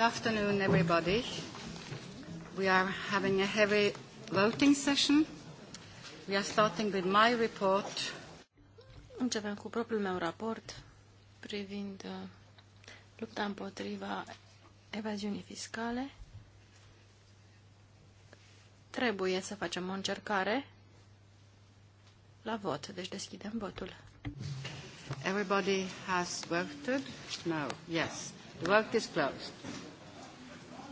Good afternoon, everybody. We are having a heavy voting session. We are starting with my report. Începem cu propriul meu raport privind uh, lupta împotriva evaziunii fiscale. Trebuie să facem o încercare la vot, deci deschidem votul. Everybody has voted? No. Yes. The vote is closed.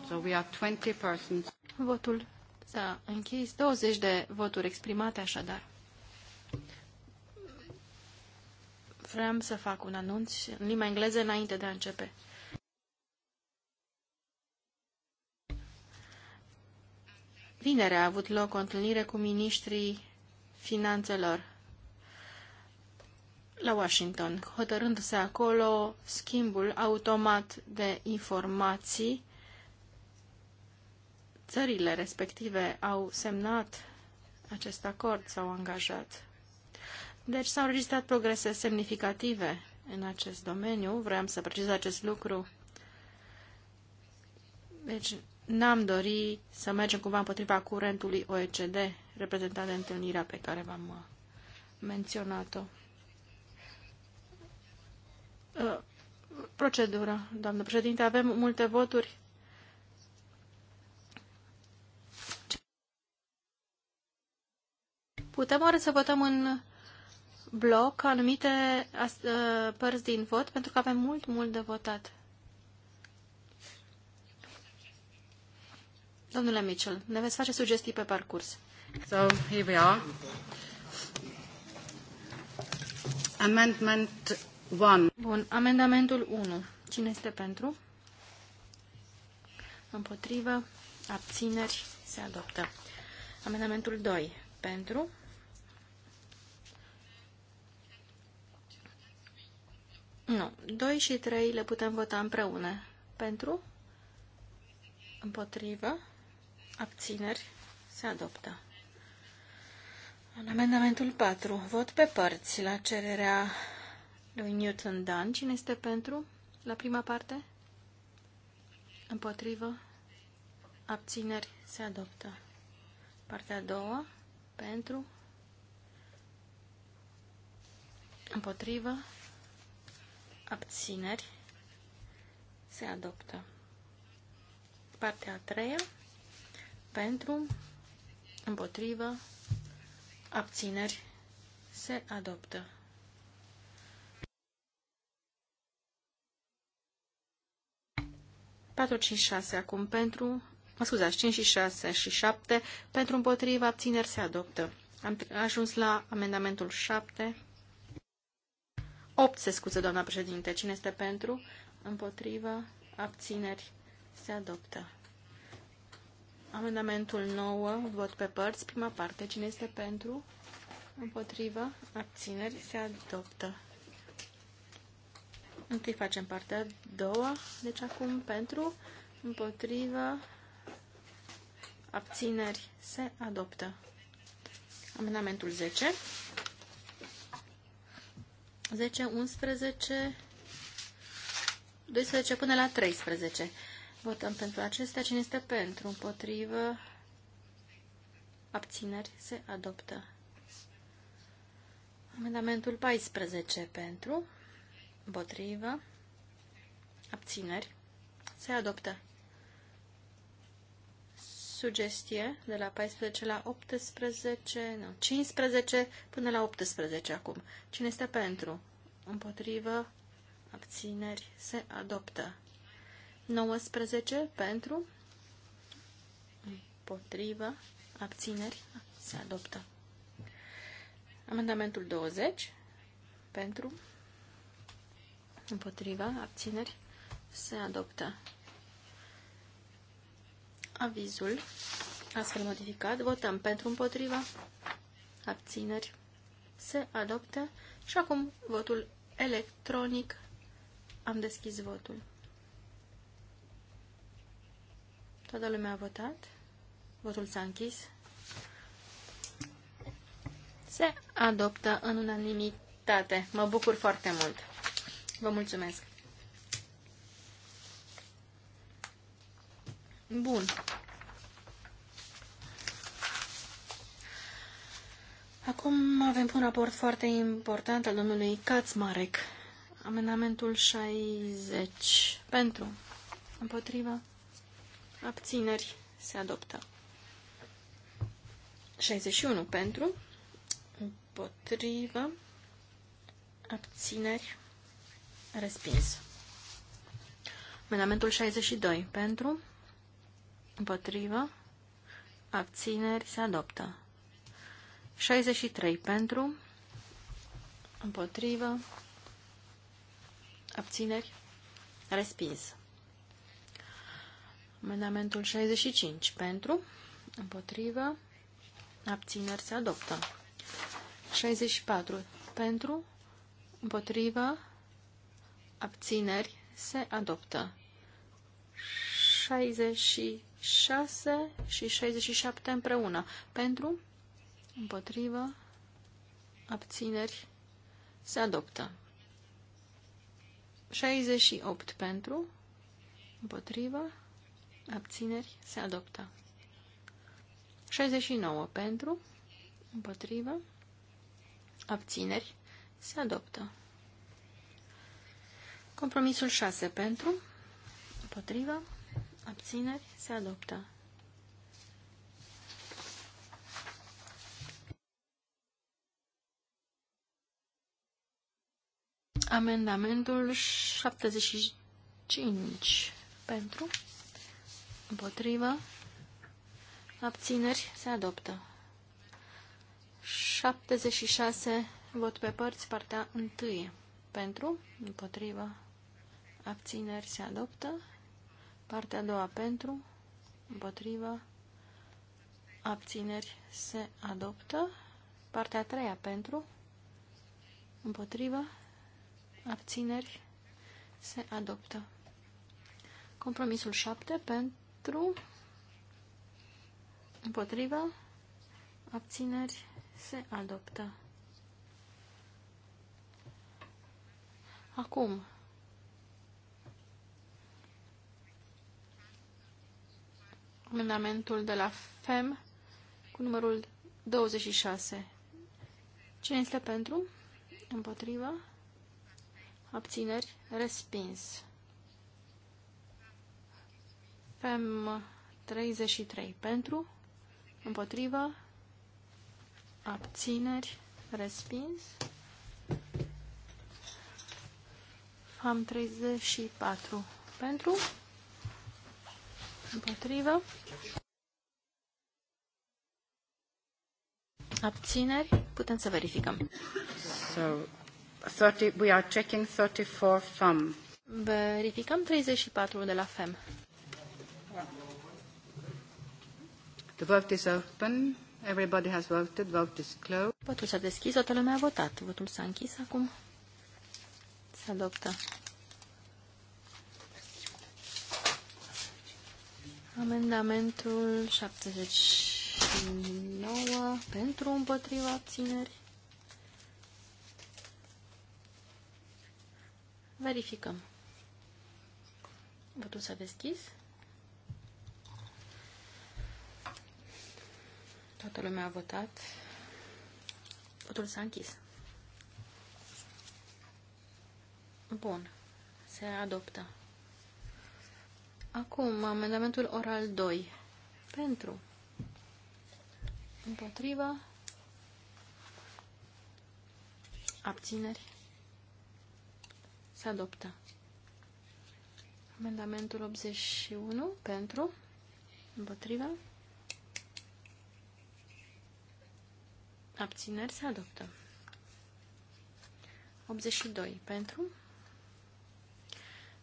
So we are 20 persons. Votul s-a închis. 20 de voturi exprimate așadar. Vreau să fac un anunț în limba engleză înainte de a începe. Vinere a avut loc o întâlnire cu ministrii finanțelor la Washington, hotărându-se acolo schimbul automat de informații țările respective au semnat acest acord, s-au angajat. Deci s-au înregistrat progrese semnificative în acest domeniu. Vreau să precizez acest lucru. Deci n-am dori să mergem cumva împotriva curentului OECD, reprezentat de întâlnirea pe care v-am uh, menționat-o. Uh, procedura, doamnă președinte, avem multe voturi Putem oare să votăm în bloc anumite ă, părți din vot, pentru că avem mult, mult de votat. Domnule Mitchell, ne veți face sugestii pe parcurs. So, here we are. Amendment 1. Bun, amendamentul 1. Cine este pentru? Împotrivă, abțineri, se adoptă. Amendamentul 2. Pentru, Nu. 2 și 3 le putem vota împreună. Pentru? Împotrivă? Abțineri? Se adoptă. În amendamentul 4, vot pe părți la cererea lui Newton Dan. Cine este pentru? La prima parte? Împotrivă? Abțineri? Se adoptă. Partea a doua? Pentru? Împotrivă? abțineri, se adoptă. Partea a treia, pentru, împotrivă, abțineri, se adoptă. Patru, cinci, șase, acum pentru, mă scuzați, 5 și 6 și 7, pentru împotriva abțineri se adoptă. Am ajuns la amendamentul 7, 8 se scuze, doamna președinte. Cine este pentru? Împotrivă? Abțineri? Se adoptă. Amendamentul 9, vot pe părți, prima parte. Cine este pentru? Împotrivă? Abțineri? Se adoptă. Întâi facem partea a doua, deci acum pentru, împotrivă, abțineri, se adoptă. Amendamentul 10. 10, 11, 12 până la 13. Votăm pentru acestea. Cine este pentru? Împotrivă? Abțineri? Se adoptă. Amendamentul 14 pentru, împotrivă, abțineri, se adoptă sugestie de la 14 la 18, nu, 15 până la 18 acum. Cine este pentru? Împotrivă, abțineri, se adoptă. 19 pentru, împotrivă, abțineri, se adoptă. Amendamentul 20 pentru, împotriva, abțineri, se adoptă avizul astfel modificat. Votăm pentru împotriva. Abțineri. Se adoptă. Și acum votul electronic. Am deschis votul. Toată lumea a votat. Votul s-a închis. Se adoptă în unanimitate. Mă bucur foarte mult. Vă mulțumesc. Bun. Acum avem un raport foarte important al domnului Kaczmarek. Amendamentul 60. Pentru. Împotriva. Abțineri. Se adoptă. 61. Pentru. Împotriva. Abțineri. Respins. Amendamentul 62. Pentru. Împotrivă. Abțineri se adoptă. 63 pentru. Împotrivă. Abțineri. Respins. Amendamentul 65 pentru. Împotrivă. Abțineri se adoptă. 64 pentru. Împotrivă. Abțineri se adoptă. 66 și 67 împreună. Pentru, împotrivă, abțineri, se adoptă. 68 pentru, împotrivă, abțineri, se adoptă. 69 pentru, împotrivă, abțineri, se adoptă. Compromisul 6 pentru, împotrivă, abțineri, se adoptă. Amendamentul 75 pentru, împotrivă, abțineri, se adoptă. 76 vot pe părți, partea 1 pentru, împotrivă, abțineri, se adoptă. Partea a doua pentru, împotrivă, abțineri se adoptă. Partea a treia pentru, împotrivă, abțineri se adoptă. Compromisul 7 pentru, împotrivă, abțineri se adoptă. Acum, amendamentul de la FEM cu numărul 26. Cine este pentru? Împotrivă? Abțineri? Respins. FEM 33. Pentru? Împotrivă? Abțineri? Respins. FAM 34. Pentru? Împotrivă. Abțineri. Putem să verificăm. So, 30, we are checking 34 from. Verificăm 34 de la FEM. The vote is open. Everybody has voted. Vote is closed. Votul s-a deschis. Toată lumea a votat. Votul s-a închis acum. Se adoptă. Amendamentul 79 pentru împotriva abțineri. Verificăm. Votul s-a deschis. Toată lumea a votat. Votul s-a închis. Bun. Se adoptă. Acum, amendamentul oral 2. Pentru. Împotriva. Abțineri. Se adoptă. Amendamentul 81. Pentru. Împotriva. Abțineri se adoptă. 82. Pentru.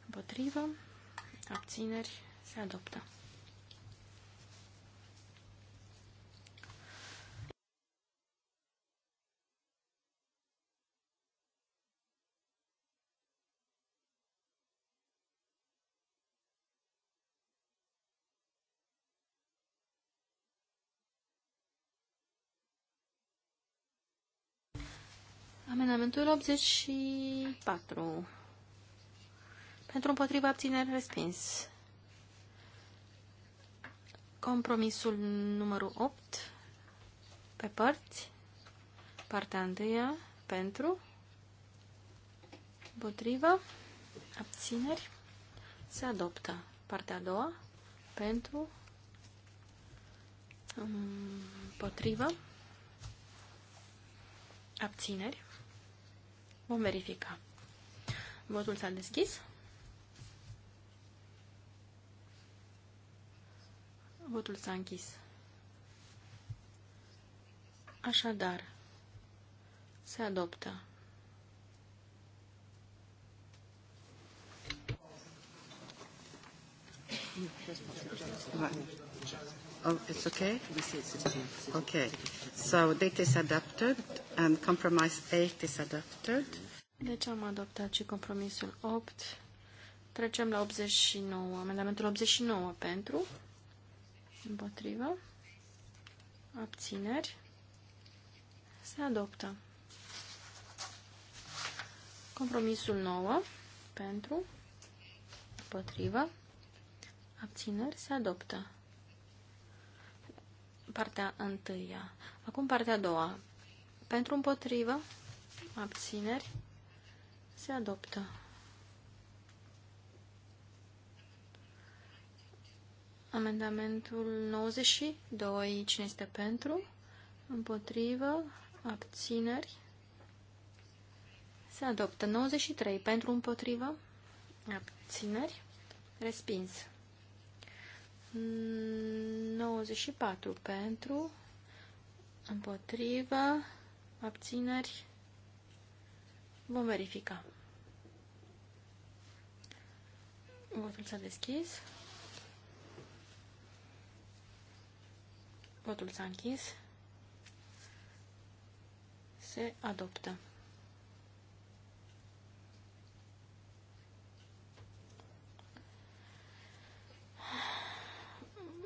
Împotrivă abțineri, se adoptă. Amendamentul 84. Pentru împotriva abțineri respins. Compromisul numărul 8 pe părți. Partea întâia pentru împotriva abțineri se adoptă. Partea a doua pentru împotriva abțineri. Vom verifica. Votul s-a deschis. Votul s-a închis. Așadar, se adoptă. Oh, it's okay? Okay. So date is adopted and compromise 8 is adopted. Deci am adoptat și compromisul 8. Trecem la 89. Amendamentul 89 pentru. Împotrivă. Abțineri. Se adoptă. Compromisul 9. Pentru. Împotrivă. Abțineri. Se adoptă. Partea întâia. Acum partea a doua. Pentru împotrivă. Abțineri. Se adoptă. Amendamentul 92. Cine este pentru? Împotrivă. Abțineri. Se adoptă 93. Pentru împotrivă. Abțineri. Respins. 94. Pentru împotrivă. Abțineri. Vom verifica. Votul s-a deschis. Votul s-a închis. Se adoptă.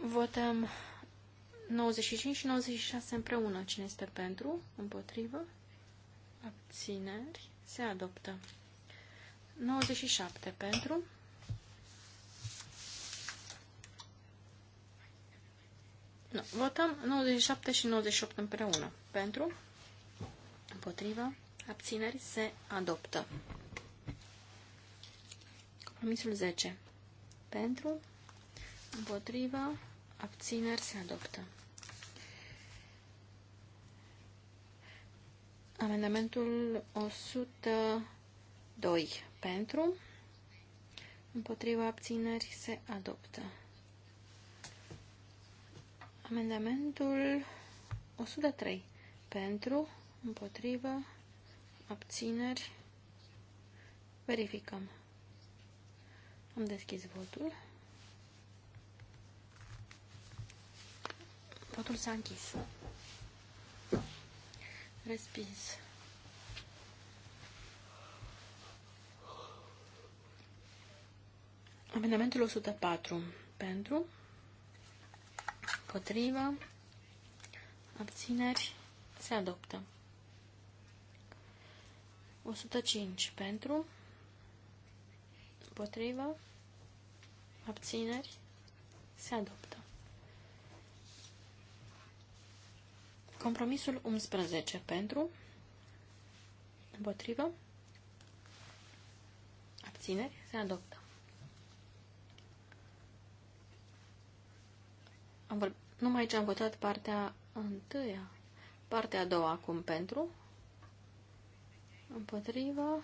Votăm 95 și 96 împreună. Cine este pentru? Împotrivă? Abțineri? Se adoptă. 97 pentru? Nu. Votăm 97 și 98 împreună. Pentru, împotriva, abțineri, se adoptă. Compromisul 10. Pentru, împotriva, abțineri, se adoptă. Amendamentul 102. Pentru, împotriva, abțineri, se adoptă. Amendamentul 103. Pentru, împotrivă, abțineri. Verificăm. Am deschis votul. Votul s-a închis. Respins. Amendamentul 104. Pentru, Împotrivă. Abțineri. Se adoptă. 105 pentru. Împotrivă. Abțineri. Se adoptă. Compromisul 11 pentru. Împotrivă. Abțineri. Se adoptă. Am vor... Numai ce am votat partea întâia. Partea a doua acum pentru. Împotrivă.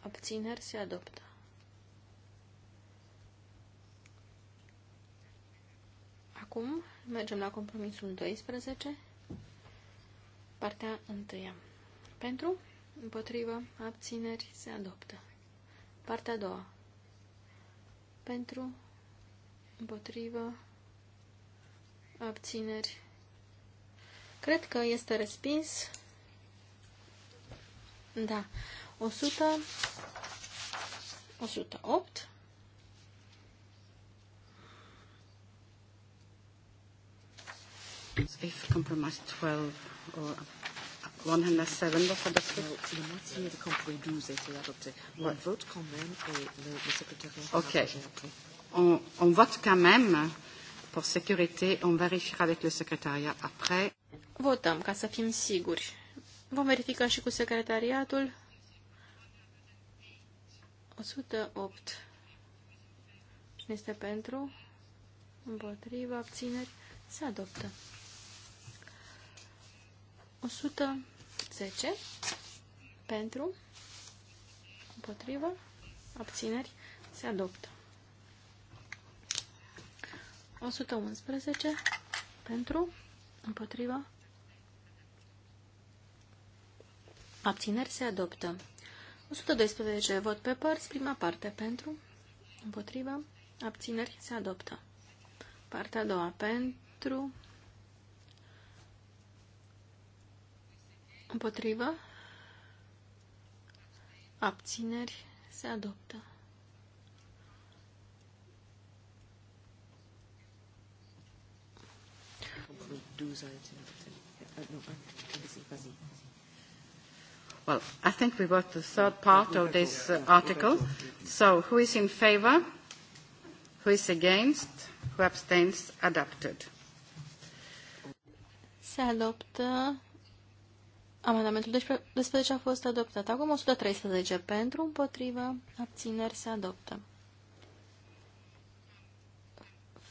Abțineri se adoptă. Acum mergem la compromisul 12, partea întâia. Pentru, împotrivă, abțineri se adoptă. Partea a doua. Pentru, împotrivă, abțineri. Cred că este respins. Da. 100, 108. If compromise 12 or 107 va s'adopter Le moitié de compromis 12 a été adopté. On vote quand même et le, le Ok. On, on vote quand même pour sécurité. On vérifiera avec le secrétariat après. Votăm ca să fim siguri. Vom verifica și cu secretariatul. 108. Cine este pentru? Împotriva, abțineri, se adoptă. 110 pentru, împotriva, abțineri, se adoptă. 111 pentru, împotriva, abțineri se adoptă. 112 vot pe părți, prima parte pentru, împotriva, abțineri se adoptă. Partea a doua pentru, împotriva, abțineri se adoptă. Eh, eh, eh, well, I think we got the third part of this uh, article. So who is in favor? Who is against? Who abstains? Adopted. Se adoptă Amendamentul 12 a fost adoptat. Acum 113 pentru, împotrivă, abțineri se adoptă.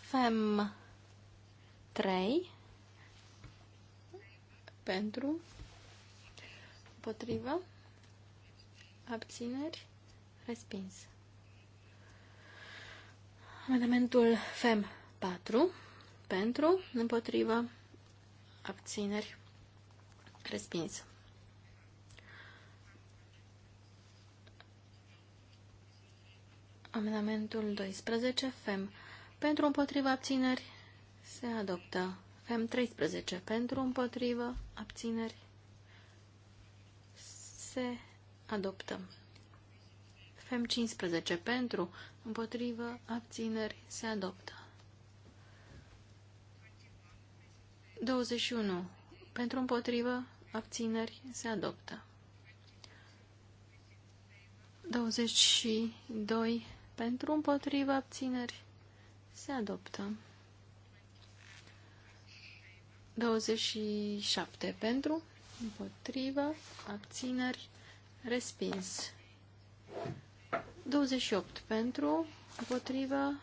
FEM 3 pentru, împotrivă, abțineri, respins. Amendamentul FEM 4, pentru, împotrivă, abțineri, respins. Amendamentul 12, FEM, pentru, împotrivă, abțineri, se adoptă. Fem 13 pentru, împotrivă, abțineri, se adoptă. Fem 15 pentru, împotrivă, abțineri, se adoptă. 21. Pentru împotrivă, abțineri, se adoptă. 22. Pentru împotrivă, abțineri, se adoptă. 27 pentru, împotrivă, abțineri, respins. 28 pentru, împotrivă,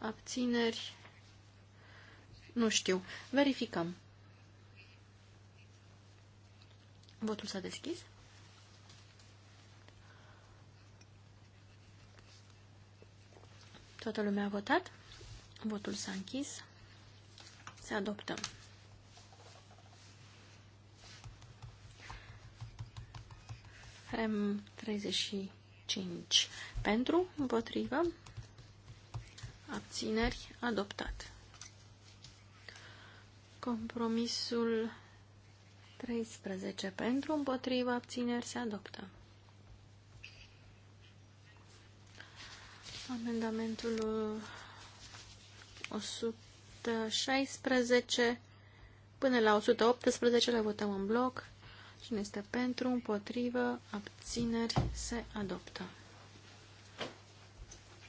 abțineri, nu știu. Verificăm. Votul s-a deschis. Toată lumea a votat. Votul s-a închis să adoptăm. Rem 35. Pentru, împotrivă, abțineri, adoptat. Compromisul 13. Pentru, împotrivă, abțineri, se adoptă. Amendamentul 100. 116 până la 118 le votăm în bloc. Cine este pentru, împotrivă, abțineri, se adoptă.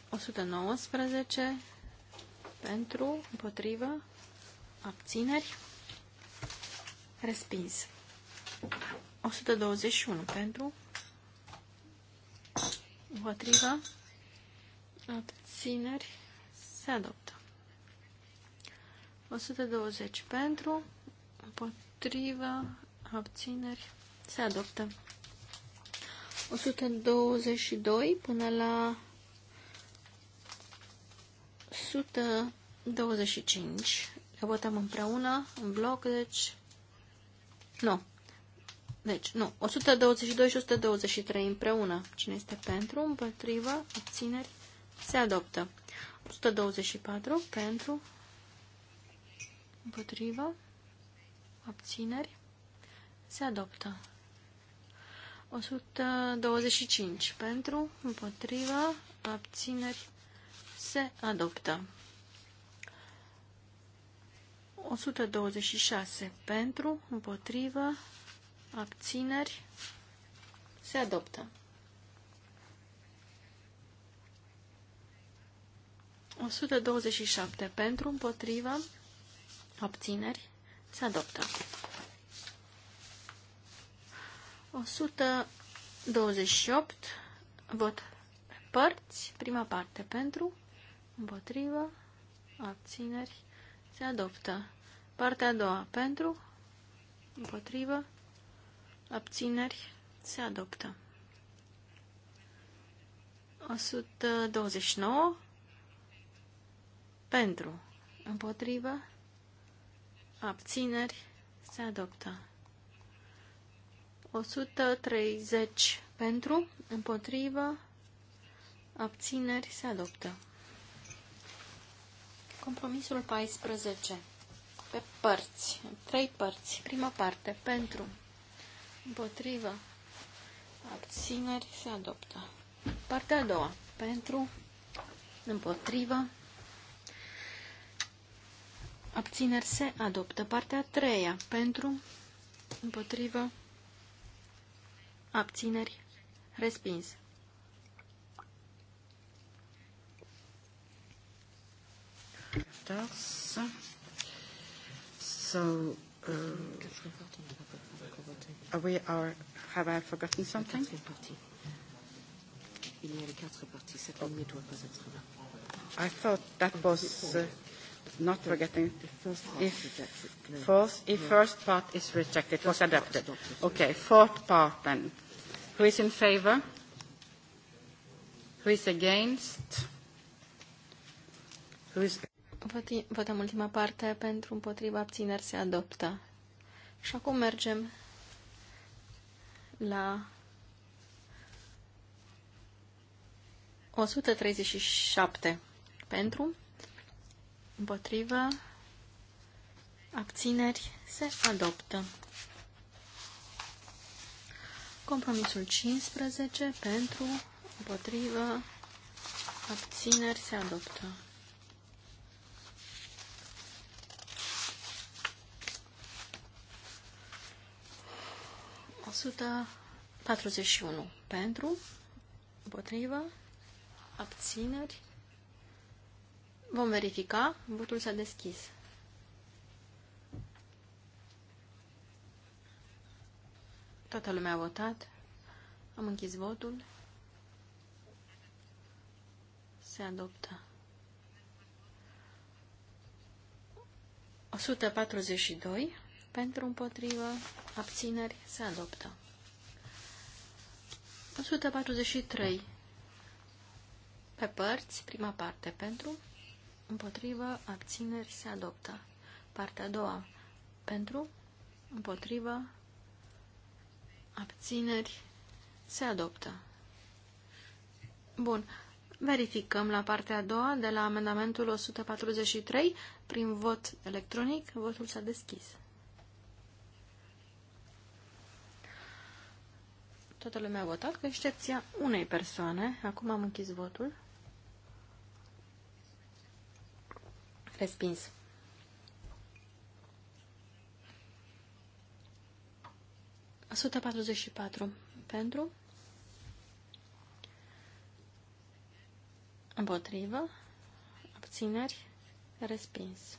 119 pentru, împotrivă, abțineri, respins. 121 pentru, împotrivă, abțineri, se adoptă. 120 pentru, împotrivă, abțineri, se adoptă. 122 până la 125. Le votăm împreună, în bloc, deci... Nu. Deci, nu. 122 și 123 împreună. Cine este pentru, împotrivă, abțineri, se adoptă. 124 pentru, Împotrivă. Abțineri. Se adoptă. 125 pentru, Împotrivă. abțineri, se adoptă. 126 pentru, Împotrivă. abțineri, se adoptă. 127 pentru, împotriva, obțineri, Se adoptă. 128. Vot pe părți. Prima parte pentru. Împotrivă. Abțineri. Se adoptă. Partea a doua pentru. Împotrivă. Abțineri. Se adoptă. 129 pentru, împotrivă, abțineri, se adoptă. 130 pentru, împotrivă, abțineri, se adoptă. Compromisul 14. Pe părți. Trei părți. Prima parte. Pentru. Împotrivă. Abțineri se adoptă. Partea a doua. Pentru. Împotrivă abțineri se adoptă. Partea a treia pentru, împotrivă, abțineri, respins. Does. So, uh, are we are, have I forgotten something? I thought that was... Uh, not forgetting. if, first, if first part is rejected, was adopted. Okay, fourth part then. Who is in favour? Who is against? Who is... Votăm ultima parte pentru împotriva abțineri se adoptă. Și acum mergem la 137 pentru împotrivă, abțineri, se adoptă. Compromisul 15 pentru, împotrivă, abțineri, se adoptă. Suta 41 pentru, împotrivă, abțineri, Vom verifica. Votul s-a deschis. Toată lumea a votat. Am închis votul. Se adoptă. 142 pentru împotrivă, abțineri, se adoptă. 143 pe părți, prima parte pentru împotrivă, abțineri, se adoptă. Partea a doua, pentru, împotrivă, abțineri, se adoptă. Bun. Verificăm la partea a doua de la amendamentul 143 prin vot electronic. Votul s-a deschis. Toată lumea a votat, cu excepția unei persoane. Acum am închis votul. Respins. Suta 44. pentru. Împotrivă. Abțineri. Respins.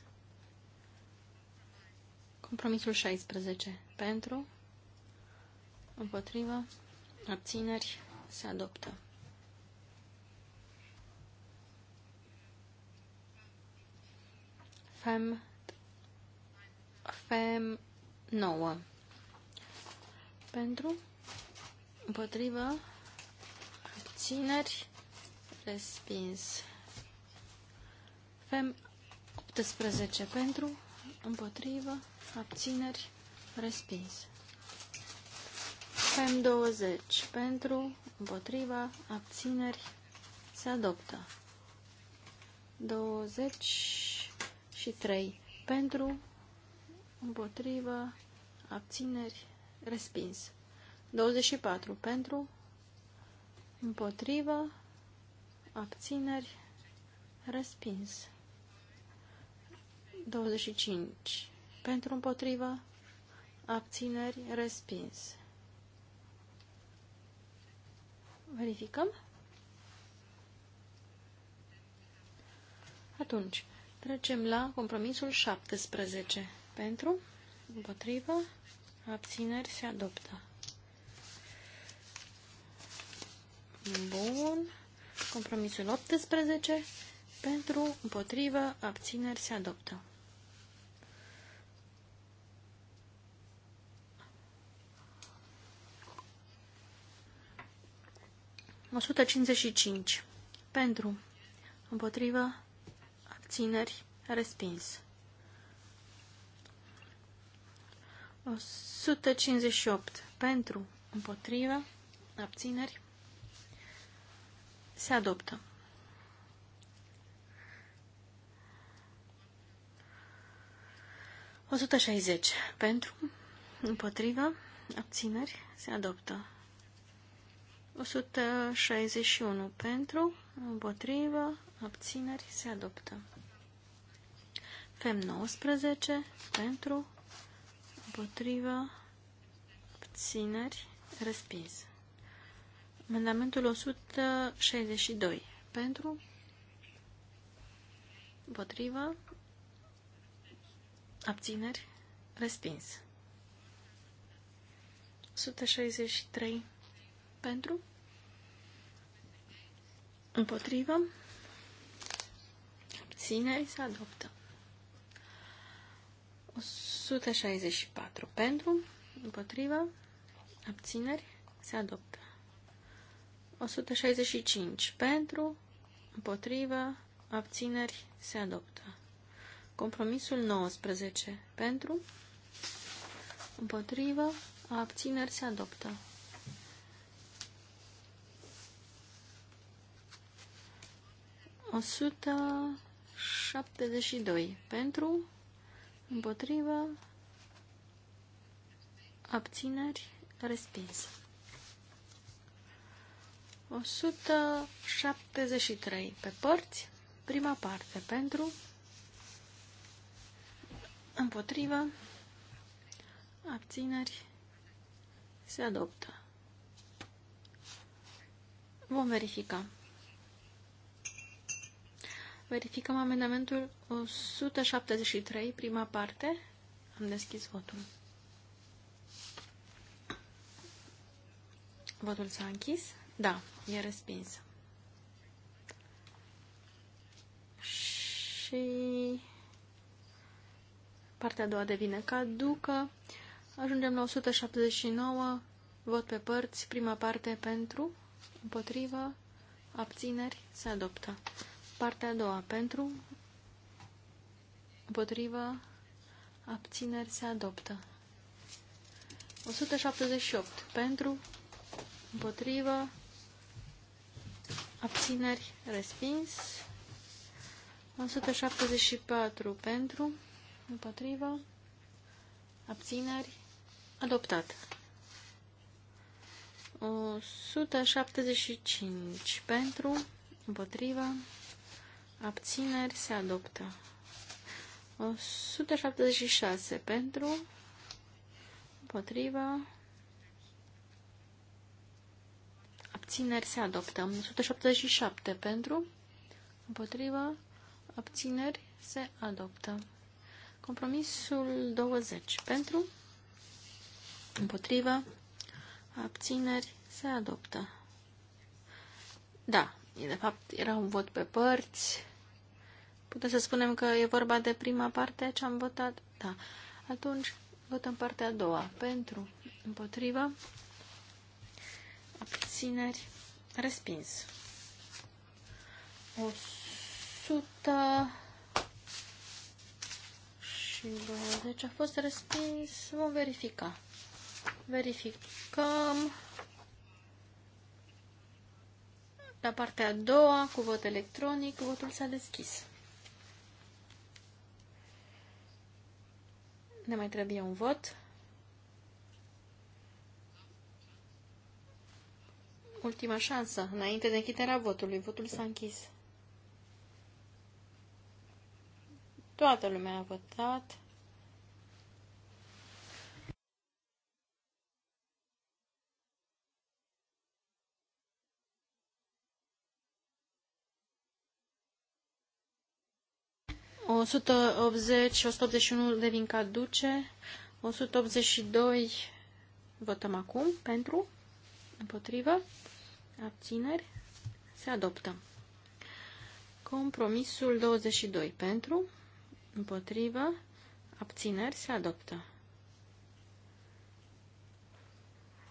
Compromisul 16. Pentru. Împotrivă. Abțineri. Se adoptă. FEM, FEM nouă. Pentru, împotrivă, abțineri, respins. FEM 18 pentru, împotrivă, abțineri, respins. FEM 20 pentru, împotriva, abțineri, se adoptă. 20 și 3 pentru, împotrivă, abțineri, respins. 24 pentru, împotrivă, abțineri, respins. 25 pentru, împotrivă, abțineri, respins. Verificăm? Atunci, Trecem la compromisul 17. Pentru, împotrivă, abțineri se adoptă. Bun. Compromisul 18. Pentru, împotrivă, abțineri se adoptă. O cinci. Pentru, împotrivă, abțineri, respins. 158 pentru, împotrivă, abțineri, se adoptă. O 160 pentru, împotrivă, abțineri, se adoptă. 161 pentru, împotrivă, abțineri, se adoptă. FEM 19 pentru, împotriva, țineri respins. Amendamentul 162 pentru, împotriva, abțineri, respins. 163 pentru, împotriva, abțineri, se adoptă. 164 pentru, împotrivă, abțineri, se adoptă. 165 pentru, împotrivă, abțineri, se adoptă. Compromisul 19 pentru, împotrivă, abțineri, se adoptă. O 172 pentru, împotrivă, abțineri, respins. 173 pe părți, prima parte pentru, împotrivă, abțineri, se adoptă. Vom verifica. Verificăm amendamentul 173, prima parte. Am deschis votul. Votul s-a închis? Da, e respins. Și partea a doua devine caducă. Ajungem la 179, vot pe părți, prima parte pentru, împotrivă, abțineri, se adoptă. Partea a doua pentru, împotrivă, abțineri se adoptă. 178 pentru, împotrivă, abțineri respins. 174 pentru, împotrivă, abțineri adoptat. 175 pentru, împotriva, abțineri se adoptă. 176 pentru, împotriva, abțineri se adoptă. 177 pentru, împotriva, abțineri se adoptă. Compromisul 20 pentru, împotriva, abțineri se adoptă. Da, de fapt era un vot pe părți, Putem să spunem că e vorba de prima parte ce am votat? Da. Atunci votăm partea a doua. Pentru, împotriva, abțineri, respins. 100 și 20 a fost respins. Vom verifica. Verificăm la partea a doua cu vot electronic. Votul s-a deschis. Ne mai trebuie un vot. Ultima șansă, înainte de închiderea votului. Votul s-a închis. Toată lumea a votat. 180, 181 devin caduce, 182 votăm acum pentru, împotrivă, abțineri, se adoptă. Compromisul 22 pentru, împotrivă, abțineri, se adoptă.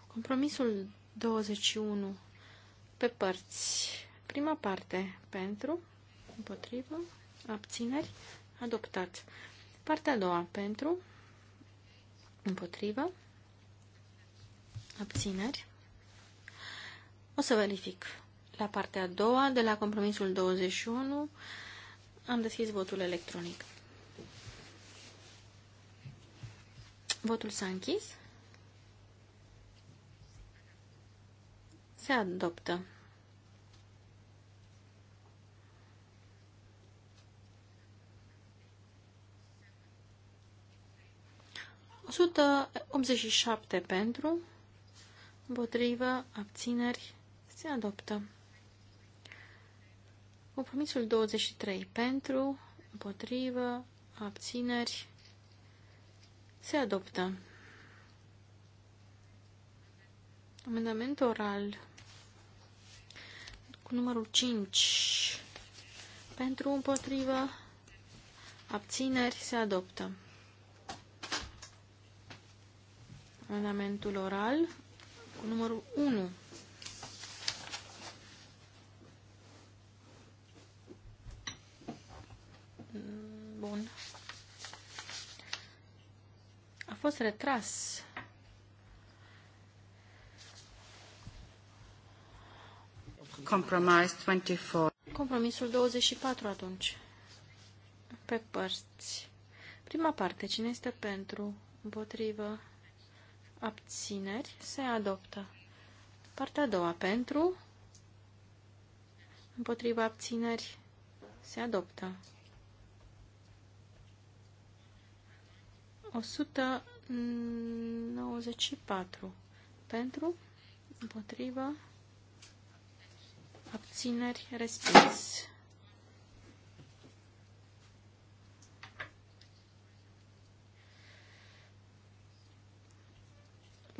Compromisul 21 pe părți. Prima parte pentru, împotrivă, abțineri, adoptat. Partea a doua, pentru, împotrivă, abțineri. O să verific. La partea a doua, de la compromisul 21, am deschis votul electronic. Votul s-a închis. Se adoptă. 187 pentru, împotrivă, abțineri, se adoptă. Compromisul 23 pentru, împotrivă, abțineri, se adoptă. Amendament oral cu numărul 5 pentru, împotrivă, abțineri, se adoptă. randamentul oral cu numărul 1. Bun. A fost retras. Compromise 24. Compromisul 24 atunci. Pe părți. Prima parte. Cine este pentru? Împotrivă abțineri, se adoptă. Partea a doua pentru, împotriva abțineri, se adoptă. 194 pentru, împotriva, abțineri, respins.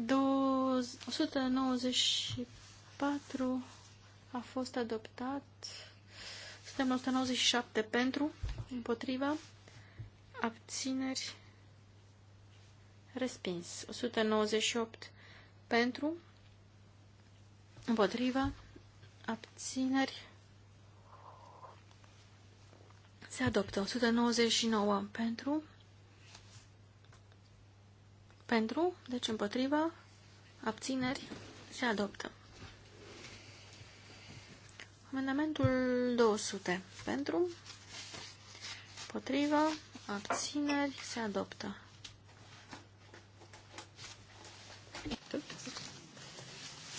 194 a fost adoptat. Suntem 197 pentru, împotriva, abțineri, respins. 198 pentru, împotriva, abțineri, se adoptă. 199 pentru, pentru, deci împotriva, abțineri, se adoptă. Amendamentul 200. Pentru, împotriva, abțineri, se adoptă. I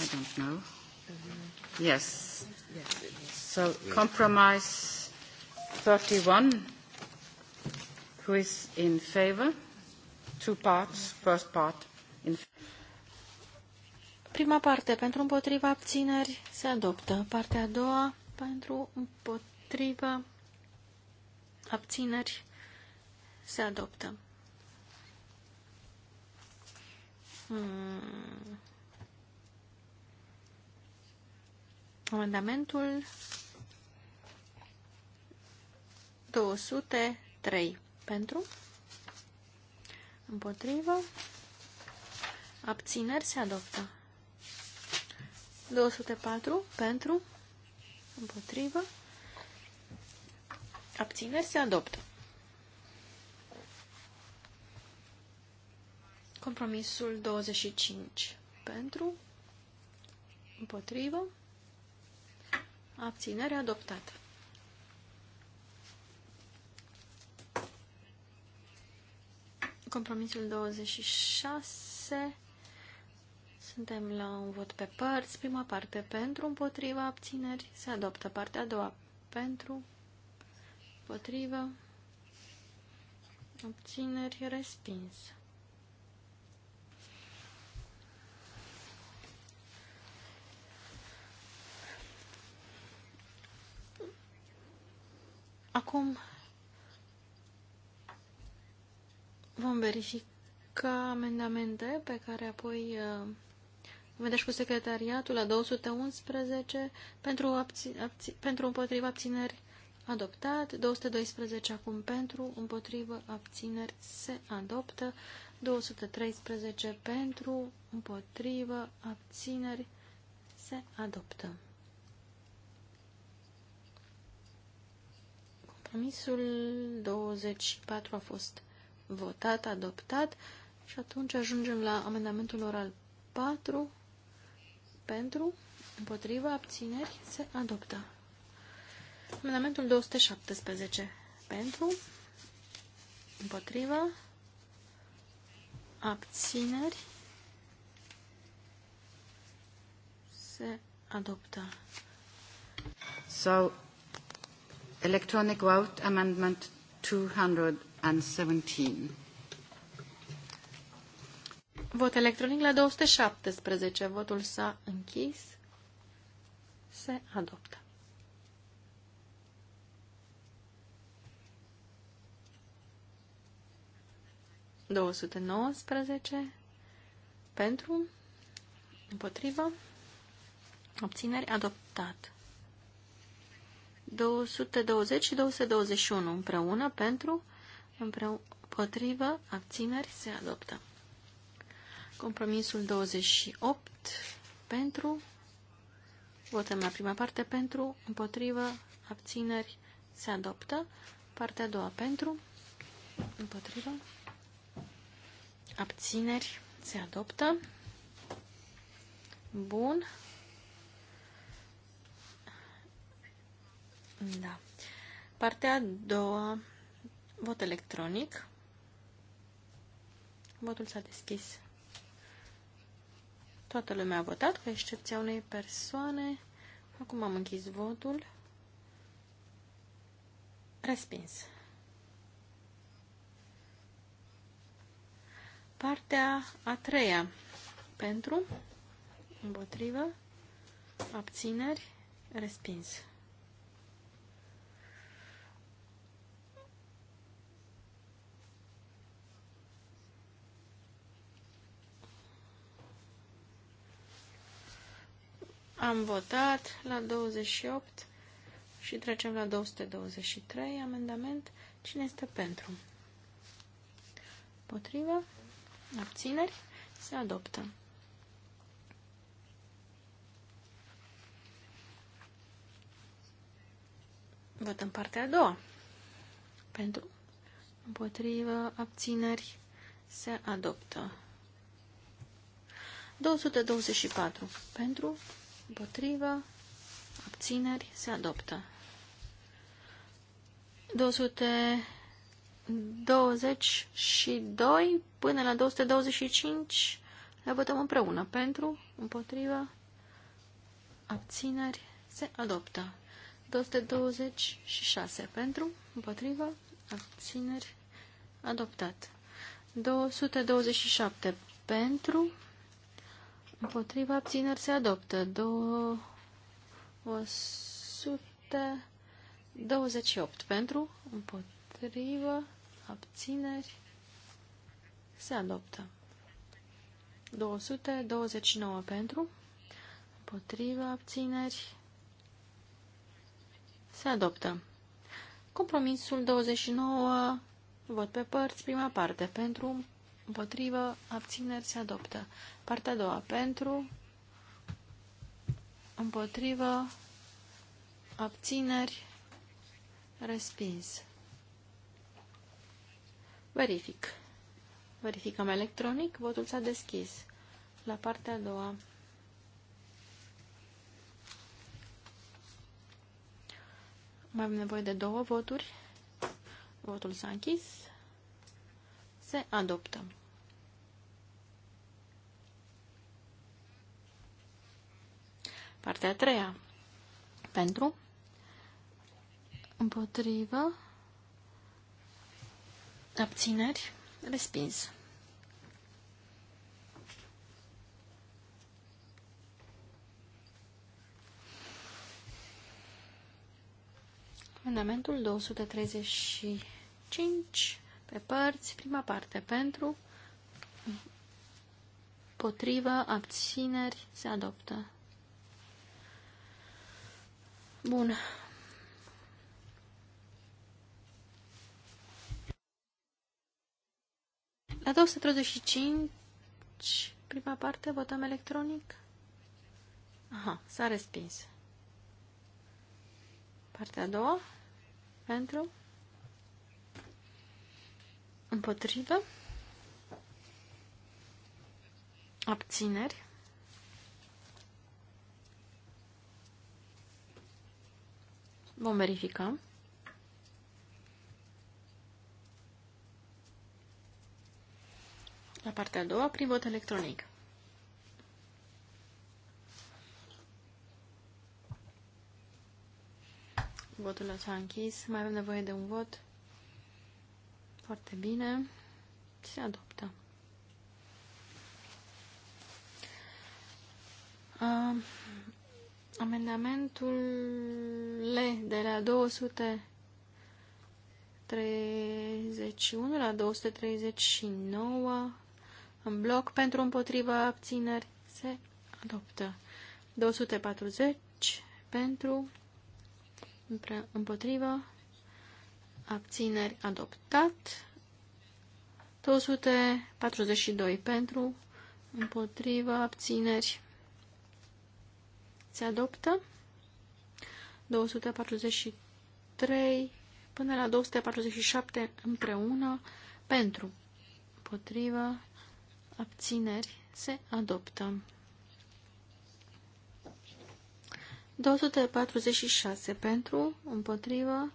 don't know. Yes. So compromise 31. Who is in favor? Prima parte, pentru împotriva abțineri, se adoptă. Partea a doua, pentru împotriva abțineri, se adoptă. Hmm. Amendamentul 203 pentru Împotrivă. Abțineri se adoptă. 204 pentru. Împotrivă. Abțineri se adoptă. Compromisul 25 pentru. Împotrivă. Abținere adoptată. Compromisul 26. Suntem la un vot pe părți. Prima parte pentru, împotriva, abțineri. Se adoptă partea a doua pentru, împotrivă, abțineri, respins. Acum Vom verifica amendamente pe care apoi uh, vedeți cu secretariatul la 211 pentru, abți, pentru împotriva abțineri adoptat, 212 acum pentru, împotriva abțineri se adoptă, 213 pentru, împotriva abțineri se adoptă. Compromisul 24 a fost votat, adoptat și atunci ajungem la amendamentul oral 4 pentru, împotriva, abțineri, se adoptă. Amendamentul 217 pentru, împotriva, abțineri, se adoptă. So, electronic vote amendment 200 and 17. Vot electronic la 217. Votul s-a închis. Se adoptă. ...219 pentru, împotrivă, obțineri, adoptat. 220 și 221 împreună pentru, împotrivă, abțineri, se adoptă. Compromisul 28 pentru, votăm la prima parte pentru, împotrivă, abțineri, se adoptă. Partea a doua pentru, împotrivă, abțineri, se adoptă. Bun. Da. Partea a doua Vot electronic. Votul s-a deschis. Toată lumea a votat, cu excepția unei persoane. Acum am închis votul. Respins. Partea a treia. Pentru, împotrivă, abțineri, respins. Am votat la 28 și trecem la 223 amendament. Cine este pentru? Potrivă? Abțineri? Se adoptă. Votăm partea a doua. Pentru, împotrivă, abțineri, se adoptă. 224. Pentru, împotrivă, abțineri, se adoptă. 222 până la 225 le votăm împreună. Pentru, împotrivă, abțineri, se adoptă. 226 pentru, împotrivă, abțineri, adoptat. 227 pentru, Împotriva abțineri se adoptă. 228 pentru. Împotriva abțineri se adoptă. 229 pentru. Împotriva abțineri se adoptă. Compromisul 29 vot pe părți, prima parte pentru împotrivă, abțineri, se adoptă. Partea a doua, pentru, împotrivă, abțineri, respins. Verific. Verificăm electronic, votul s-a deschis. La partea a doua. Mai avem nevoie de două voturi. Votul s-a închis. Se adoptă. Partea a treia. Pentru. Împotrivă. Abțineri. Respins. Amendamentul 235 pe părți, prima parte pentru, potrivă, abțineri, se adoptă. Bun. La 235, prima parte, votăm electronic. Aha, s-a respins. Partea a doua, pentru, împotrivă, abțineri, Vom verifica. La partea a doua, prin vot electronic. Votul s-a închis. Mai avem nevoie de un vot. Foarte bine. Se adoptă. Uh, Amendamentul le de la 231 la 239 în bloc pentru împotriva abțineri se adoptă. 240 pentru împotriva abțineri adoptat. 242 pentru împotriva abțineri se adoptă. 243 până la 247 împreună pentru, potrivă abțineri se adoptă. 246 pentru, împotrivă,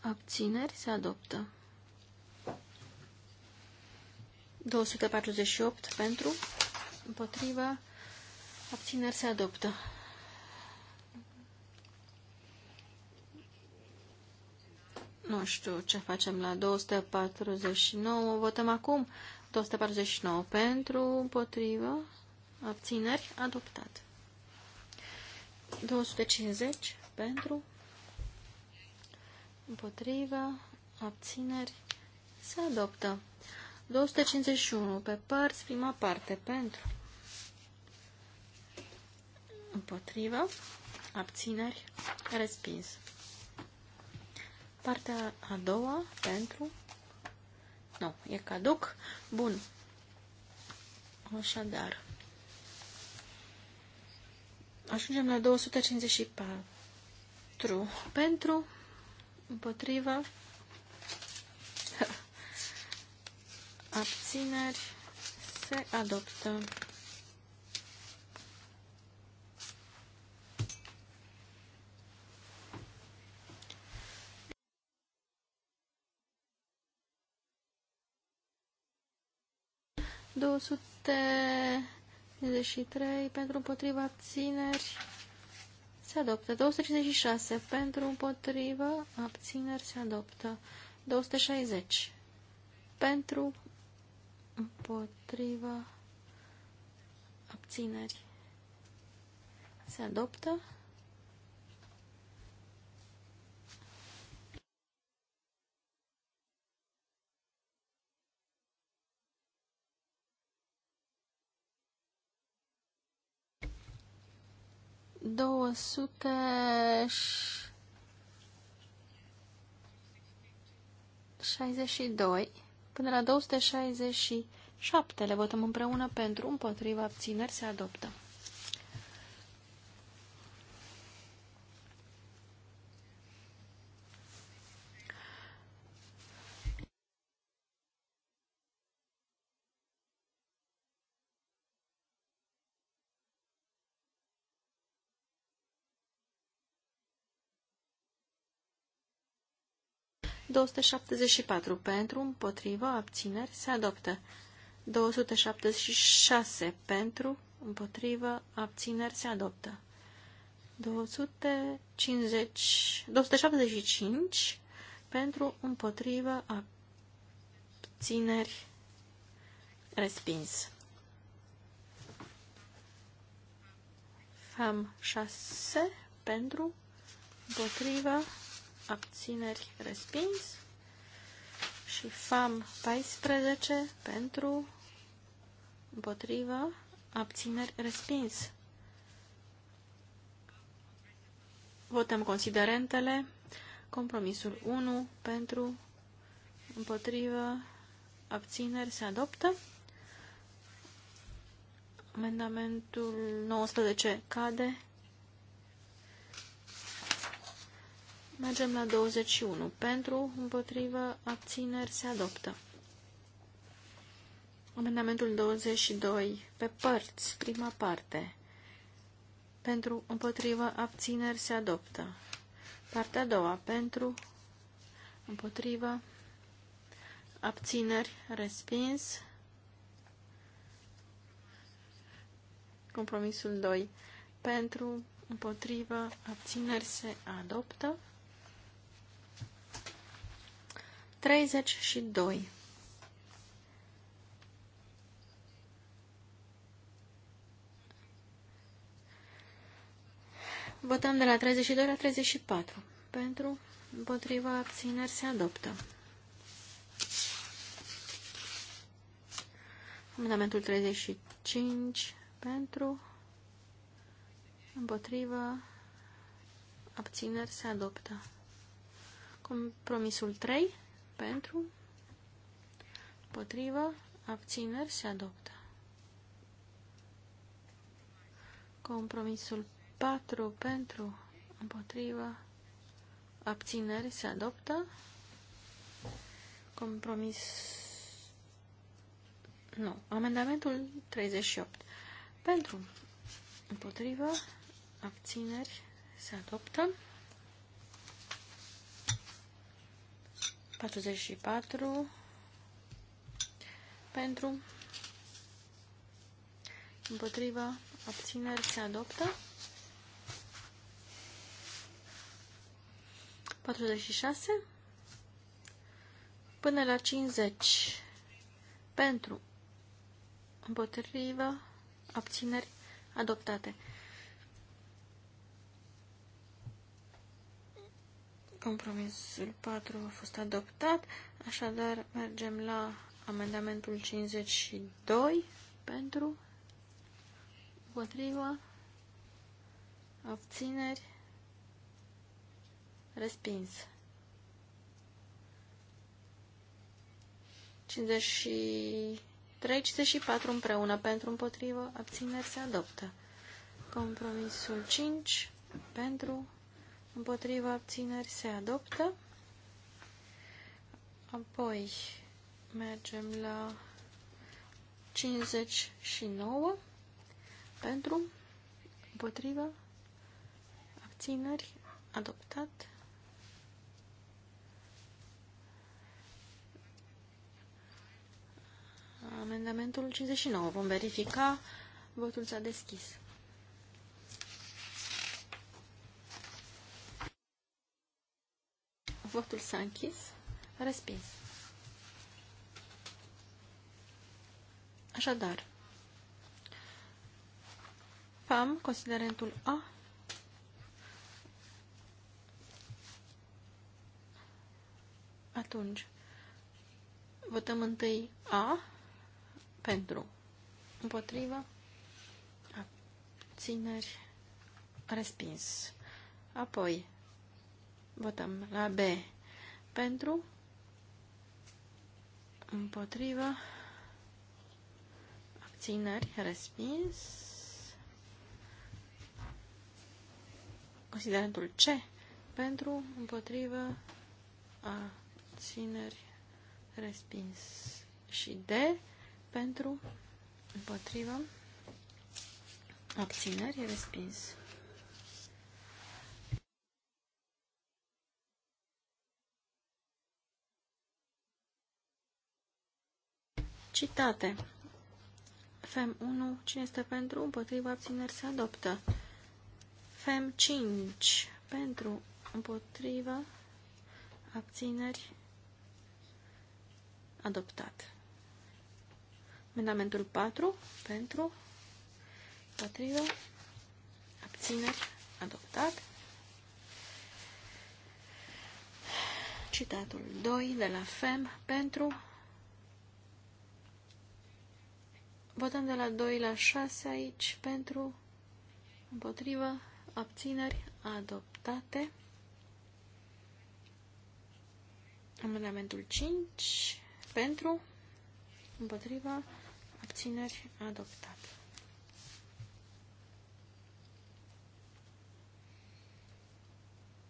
abțineri se adoptă. 248 pentru, împotrivă, abțineri se adoptă. Nu știu ce facem la 249. Votăm acum. 249 pentru, împotrivă, abțineri, adoptat. 250 pentru, împotrivă, abțineri, se adoptă. 251 pe părți, prima parte, pentru, împotrivă, abțineri, respins. Partea a doua, pentru. Nu, e caduc. Bun. Așadar. Ajungem la 254. Pentru, împotriva, abțineri, se adoptă. 253 pentru împotriva abțineri se adoptă. 256 pentru împotriva abțineri se adoptă. 260 pentru împotriva abțineri se adoptă. 200 62 până la 267 le votăm împreună pentru, împotriva, abțineri, se adoptă. 274 pentru, împotrivă, abțineri, se adoptă. 276 pentru, împotrivă, abțineri, se adoptă. 250, 275 pentru, împotrivă, abțineri, respins. Fam 6 pentru, împotrivă, abțineri, respins. Și FAM 14 pentru, împotrivă, abțineri, respins. Votăm considerentele. Compromisul 1 pentru, împotrivă, abțineri, se adoptă. Amendamentul 19 cade. Mergem la 21. Pentru, împotrivă, abțineri se adoptă. Amendamentul 22. Pe părți, prima parte. Pentru, împotrivă, abțineri se adoptă. Partea a doua. Pentru, împotrivă, abțineri, respins. Compromisul 2. Pentru, împotrivă, abțineri se adoptă. 32. Votăm de la 32 la 34. Pentru, împotriva, abțineri se adoptă. Amendamentul 35 pentru, împotriva, abțineri se adoptă. Compromisul 3 pentru, potrivă, abțineri se adoptă. Compromisul 4 pentru, împotrivă, abțineri se adoptă. Compromis... Nu. Amendamentul 38. Pentru, împotrivă, abțineri se adoptă. 44 pentru împotriva abțineri se adoptă 46 până la 50 pentru împotriva abțineri adoptate Compromisul 4 a fost adoptat, așadar mergem la amendamentul 52 pentru, Potriva, obțineri respins. 53-54 împreună pentru împotrivă, abțineri se adoptă. Compromisul 5 pentru împotriva abțineri se adoptă. Apoi mergem la 59 pentru împotriva abțineri adoptat. Amendamentul 59. Vom verifica. Votul s-a deschis. Votul s-a închis. Respins. Așadar, FAM, considerentul A, atunci, votăm întâi A pentru împotriva abțineri respins. Apoi, Votăm la B. Pentru. Împotrivă. Abțineri. Respins. Considerentul C. Pentru. Împotrivă. Abțineri. Respins. Și D. Pentru. Împotrivă. Abțineri. Respins. capacitate. FEM 1, cine este pentru, împotriva abțineri se adoptă. FEM 5, pentru, împotriva abțineri adoptat. Amendamentul 4, pentru, împotriva abțineri adoptat. Citatul 2 de la FEM pentru Votăm de la 2 la 6 aici pentru, împotrivă, abțineri adoptate. Amendamentul 5 pentru, împotrivă, abțineri adoptate.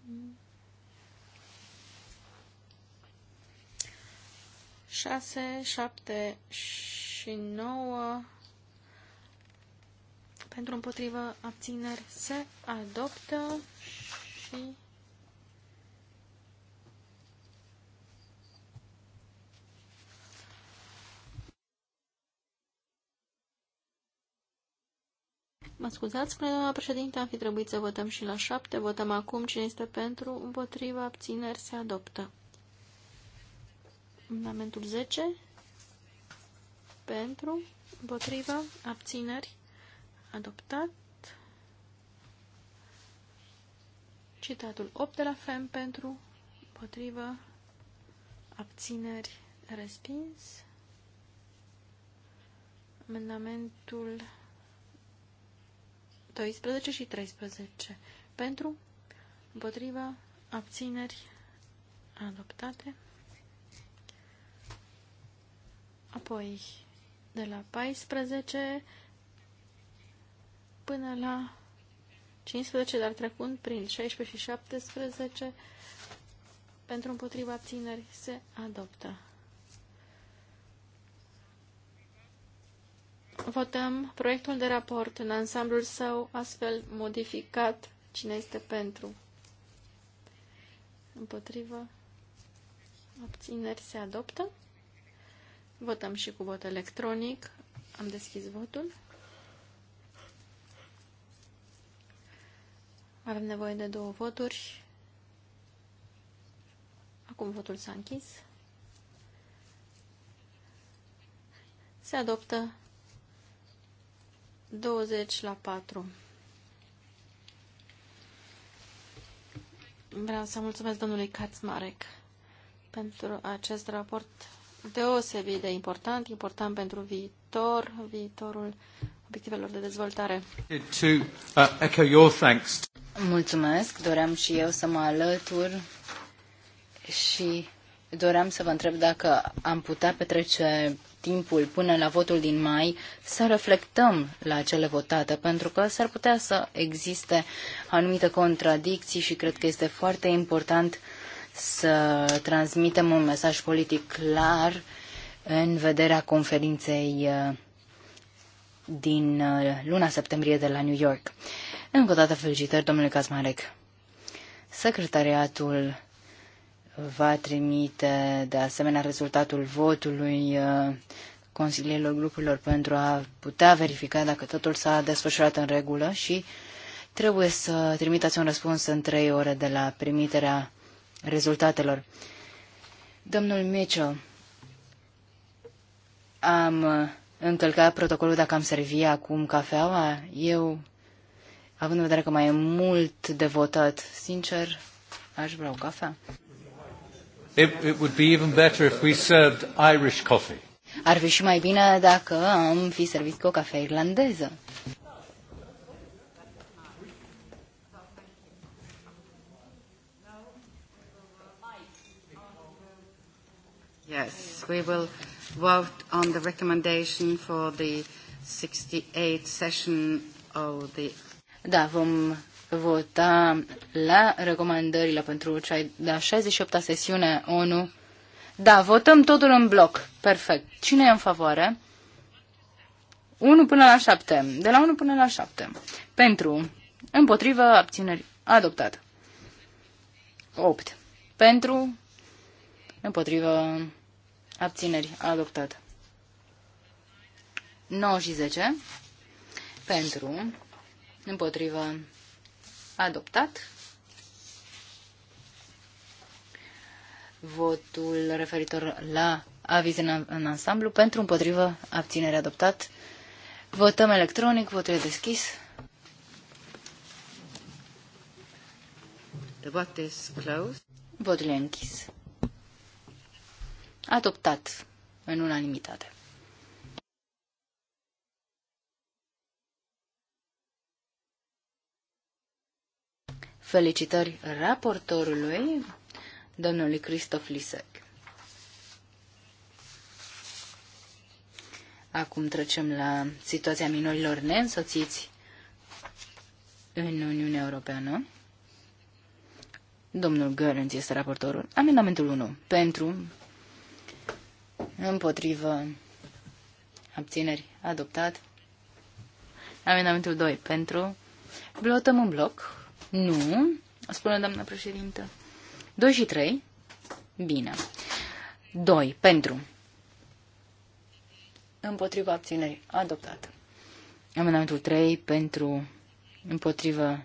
Mm. hmm 6, 7 și 9 pentru împotrivă abțineri se adoptă și Mă scuzați, spune doamna președinte, am fi trebuit să votăm și la șapte. Votăm acum cine este pentru, împotriva, abțineri, se adoptă. Amendamentul 10. Pentru. Împotriva. Abțineri. Adoptat. Citatul 8 de la FEM pentru. Împotrivă. Abțineri. Respins. Amendamentul 12 și 13. Pentru. Împotriva. Abțineri. Adoptate. Apoi, de la 14 până la 15, dar trecând prin 16 și 17, pentru împotriva abțineri se adoptă. Votăm proiectul de raport în ansamblul său astfel modificat. Cine este pentru? Împotrivă. Abțineri se adoptă. Votăm și cu vot electronic. Am deschis votul. Avem nevoie de două voturi. Acum votul s-a închis. Se adoptă 20 la 4. Vreau să mulțumesc domnului Marek pentru acest raport deosebit de important, important pentru viitor, viitorul obiectivelor de dezvoltare. Uh, Mulțumesc, doream și eu să mă alătur și doream să vă întreb dacă am putea petrece timpul până la votul din mai să reflectăm la cele votate, pentru că s-ar putea să existe anumite contradicții și cred că este foarte important să transmitem un mesaj politic clar în vederea conferinței uh, din uh, luna septembrie de la New York. Încă o dată felicitări domnule Casmarec. Secretariatul va trimite de asemenea rezultatul votului uh, Consiliilor grupurilor pentru a putea verifica dacă totul s-a desfășurat în regulă și trebuie să trimiteți un răspuns în trei ore de la primiterea rezultatelor. Domnul Mitchell, am uh, încălcat protocolul dacă am servit acum cafeaua? Eu, având în vedere că mai e mult de votat, sincer, aș vrea o cafea. It, it would be even better if we served Irish coffee. Ar fi și mai bine dacă am fi servit cu o cafea irlandeză. Yes, we will vote on the recommendation for the 68 session of the... Da, vom vota la recomandările pentru cea de-a 68-a sesiune ONU. Da, votăm totul în bloc. Perfect. Cine e în favoare? 1 până la 7. De la 1 până la 7. Pentru. Împotrivă. Abțineri. Adoptat. 8. Pentru. Împotrivă. Abțineri. Adoptat. 9 și 10. Pentru. Împotrivă. Adoptat. Votul referitor la aviz în, în ansamblu. Pentru. Împotrivă. Abținere. Adoptat. Votăm electronic. Votul e deschis. The vote is closed. Votul e închis adoptat în unanimitate. Felicitări raportorului, domnului Cristof Lisek. Acum trecem la situația minorilor neînsoțiți în Uniunea Europeană. Domnul Gărânț este raportorul. Amendamentul 1. Pentru, Împotrivă. Abțineri. Adoptat. Amendamentul 2. Pentru. Blotăm în bloc. Nu. Spune doamna președintă. 2 și 3. Bine. 2. Pentru. Împotrivă abținerii. Adoptat. Amendamentul 3. Pentru. Împotrivă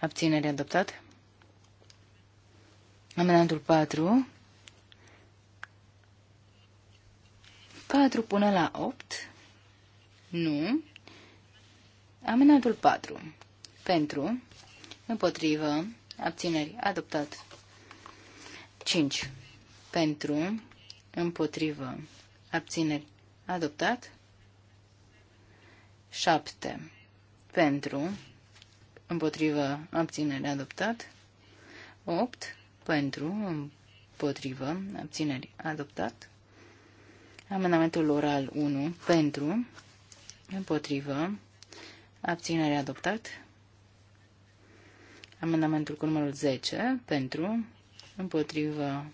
abținerii. Adoptat. Amendamentul 4. 4 până la 8? Nu. Amenatul 4. Pentru, împotrivă, abțineri, adoptat. 5. Pentru, împotrivă, abțineri, adoptat. 7. Pentru, împotrivă, abțineri, adoptat. 8. Pentru, împotrivă, abțineri, adoptat. Amendamentul oral 1 pentru, împotrivă, abținere adoptat. Amendamentul cu numărul 10 pentru, împotrivă,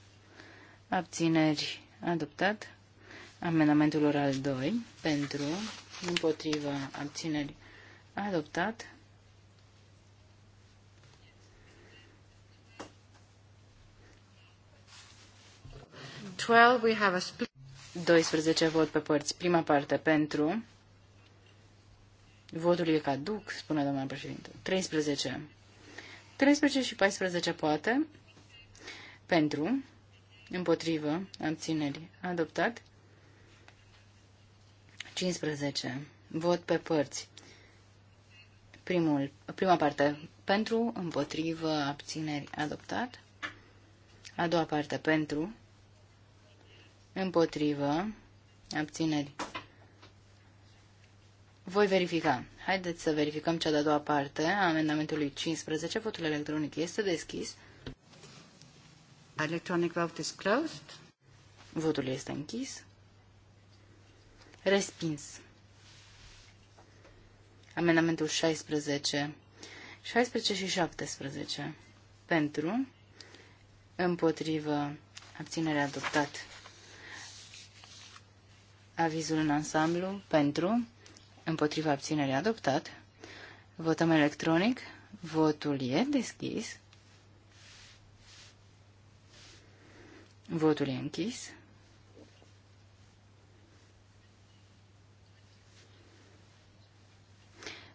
abțineri adoptat. Amendamentul oral 2 pentru, împotrivă, abțineri adoptat. Twelve, we have a split. 12 vot pe părți. Prima parte pentru. Votul e caduc, spune doamna președinte. 13. 13 și 14 poate. Pentru. Împotrivă. Abțineri. Adoptat. 15. Vot pe părți. Primul, prima parte. Pentru. Împotrivă. Abțineri. Adoptat. A doua parte. Pentru împotrivă, abțineri. Voi verifica. Haideți să verificăm cea de-a doua parte a amendamentului 15. Votul electronic este deschis. Electronic vote is closed. Votul este închis. Respins. Amendamentul 16. 16 și 17. Pentru. Împotrivă. Abținere adoptat. Avizul în ansamblu pentru, împotriva abținerii adoptat. Votăm electronic. Votul e deschis. Votul e închis.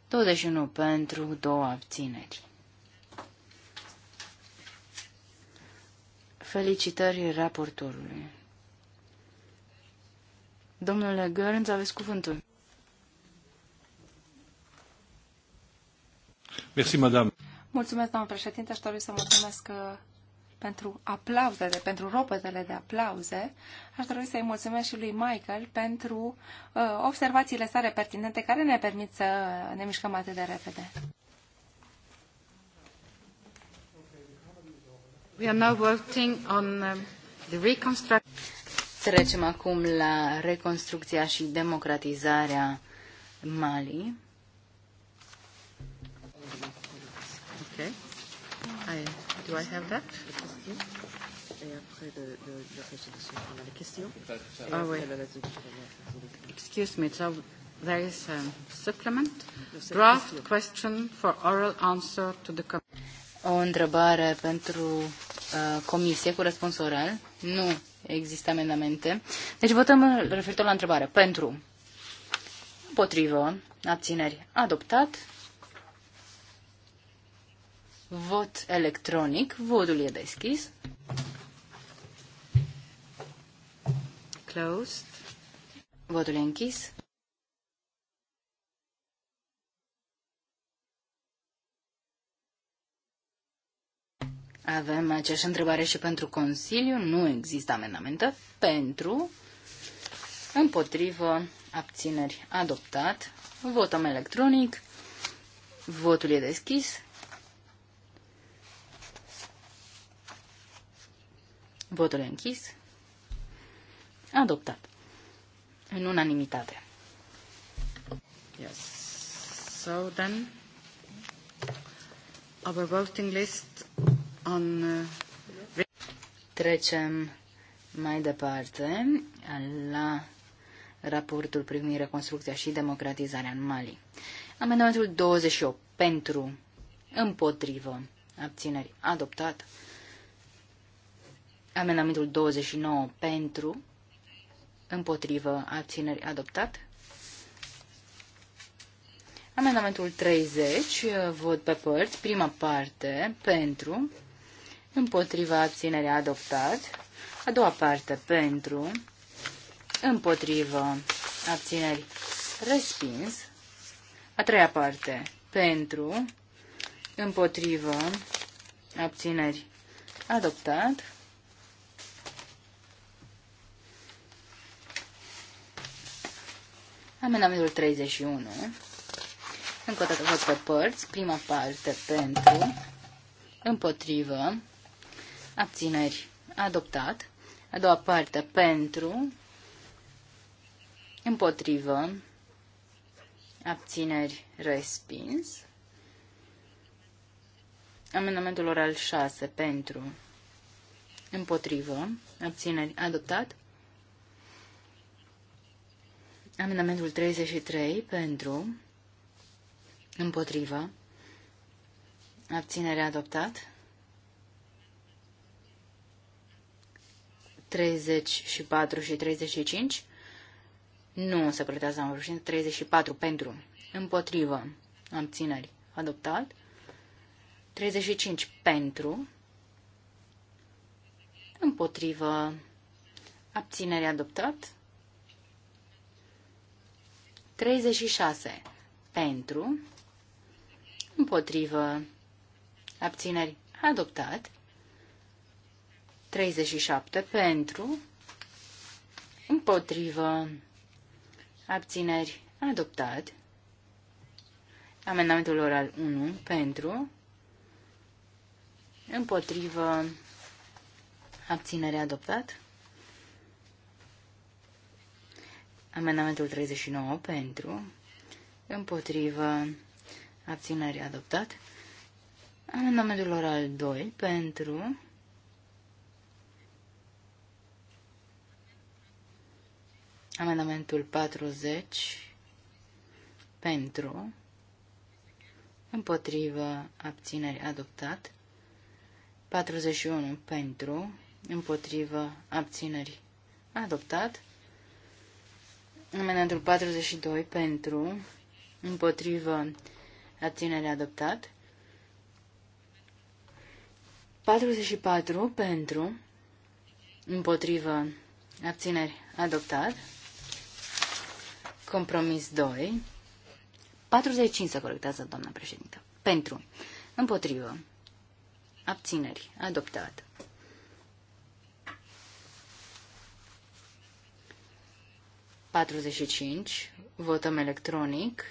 Douăzeci nu pentru două abțineri. Felicitări raportorului. Domnule Gărânț, aveți cuvântul. madame. Mulțumesc, doamnă președinte. Aș dori să mulțumesc uh, pentru aplauzele, pentru ropetele de aplauze. Aș dori să-i mulțumesc și lui Michael pentru uh, observațiile sale pertinente care ne permit să ne mișcăm atât de repede. We are now working on um, the reconstruction. Trecem acum la reconstrucția și democratizarea Mali. Okay. I, do I have that? Et après de, de, de résolution, on a les questions. Ah oui. Excuse me, so there is a supplement. Draft question for oral answer to the committee. O întrebare pentru uh, comisie cu răspuns oral? Nu există amendamente. Deci votăm uh, referitor la întrebare. Pentru. Împotrivă. Abțineri. Adoptat. Vot electronic. Votul e deschis. Closed. Votul e închis. Avem aceeași întrebare și pentru Consiliu. Nu există amendamente. Pentru, împotrivă, abțineri, adoptat. Votăm electronic. Votul e deschis. Votul e închis. Adoptat. În unanimitate. Yes. So then, our voting list on... Trecem mai departe la raportul privind reconstrucția și democratizarea în Mali. Amendamentul 28 pentru, împotrivă, abțineri, adoptat. Amendamentul 29 pentru, împotrivă, abțineri, adoptat. Amendamentul 30, vot pe părți, prima parte, pentru, împotriva abținerea adoptat, a doua parte pentru, împotriva abțineri respins, a treia parte pentru, împotriva abțineri adoptat, amendamentul 31, încă o dată văd pe părți, prima parte pentru, împotrivă, abțineri, adoptat. A doua parte pentru, împotrivă, abțineri, respins. Amendamentul oral 6 pentru, împotrivă, abțineri, adoptat. Amendamentul 33 pentru, împotrivă, abținere adoptat. 34 și 35. Nu se protează la rușine. 34 pentru. Împotrivă. Abțineri. Adoptat. 35 pentru. Împotrivă. abținerii adoptat. 36 pentru. Împotrivă. Abțineri adoptat. 37 pentru, împotrivă, abțineri, adoptat. Amendamentul oral 1 pentru, împotrivă, abținere, adoptat. Amendamentul 39 pentru, împotrivă, abținere, adoptat. Amendamentul oral 2 pentru, Amendamentul 40 pentru, împotrivă, abțineri adoptat. 41 pentru, împotrivă, abțineri adoptat. Amendamentul 42 pentru, împotrivă, abțineri, adoptat. 44 pentru, împotrivă, abțineri adoptat. Compromis 2. 45 se corectează, doamna președintă. Pentru. Împotrivă. Abțineri. Adoptat. Patruzeci cinci. Votăm electronic.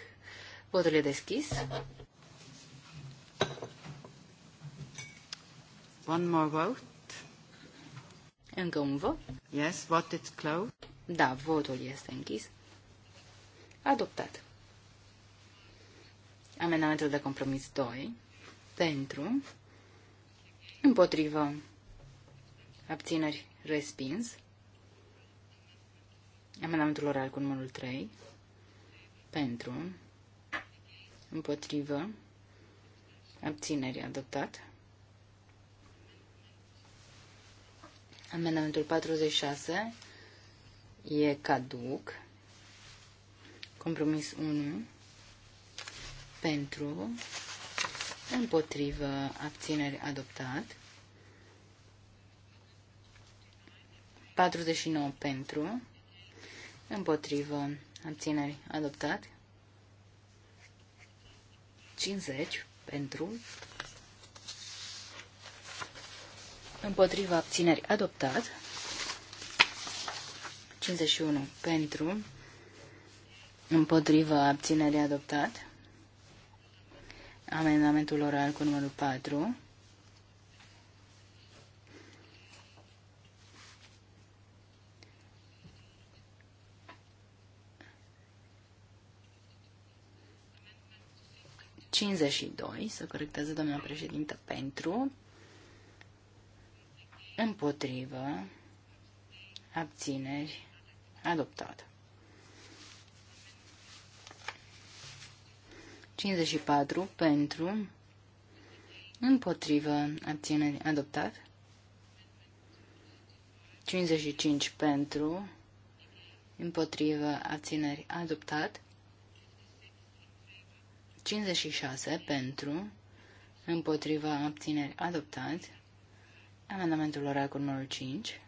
Votul e deschis. One more vote. Încă un vot. Yes, vote is closed. Da, votul este închis. Adoptat. Amendamentul de compromis 2. Pentru. Împotrivă. Abțineri. Respins. Amendamentul oral cu numărul 3. Pentru. Împotrivă. Abțineri. Adoptat. Amendamentul 46 e caduc. Compromis 1 pentru, împotrivă, abțineri adoptat. 49 pentru, împotrivă, abțineri adoptat. 50 pentru, împotriva abțineri adoptat, 51 pentru, Împotrivă abținerii adoptat. Amendamentul oral cu numărul 4. să corectează doamna președintă, pentru, împotrivă, abțineri, adoptată. 54 pentru, împotrivă, abține adoptat. 55 pentru, împotrivă, abțineri, adoptat. 56 pentru, împotriva abțineri adoptat, amendamentul oral numărul 5,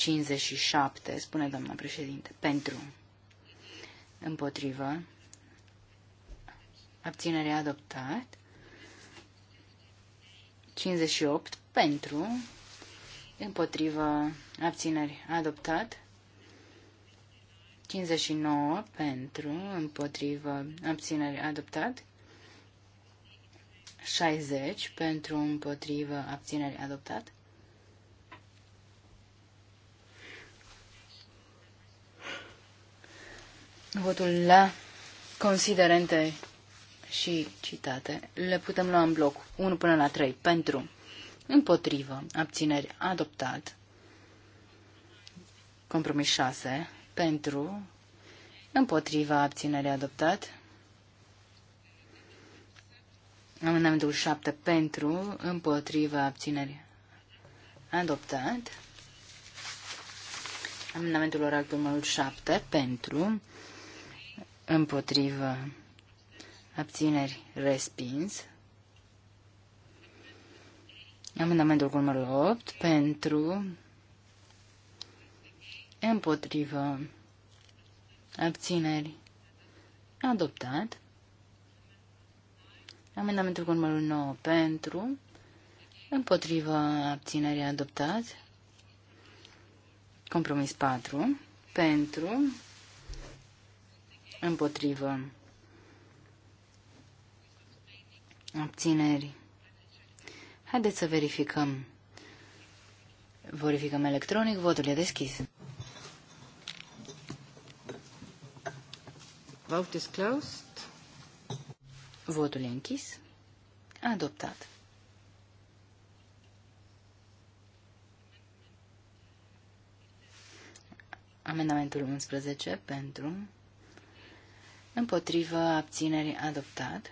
57, spune doamna președinte, pentru, împotrivă, abținere adoptat, 58 pentru, împotrivă, abțineri adoptat, 59 pentru, împotrivă, abțineri adoptat, 60 pentru, împotrivă, abțineri adoptat, Votul la considerente și citate le putem lua în bloc 1 până la 3 pentru, împotrivă, abțineri, adoptat, compromis 6 pentru, împotriva, abținere, adoptat, amendamentul 7 pentru, împotriva, abținere, adoptat, amendamentul oral numărul 7 pentru, împotrivă, abțineri, respins. Amendamentul cu numărul 8 pentru, împotrivă, abțineri, adoptat. Amendamentul cu numărul 9 pentru, împotrivă, abținerii adoptat. Compromis 4 pentru, Împotrivă. Abțineri. Haideți să verificăm. Verificăm electronic, votul e deschis. Vote is closed. Votul e închis. Adoptat. Amendamentul 11 pentru Împotrivă abținerii adoptat.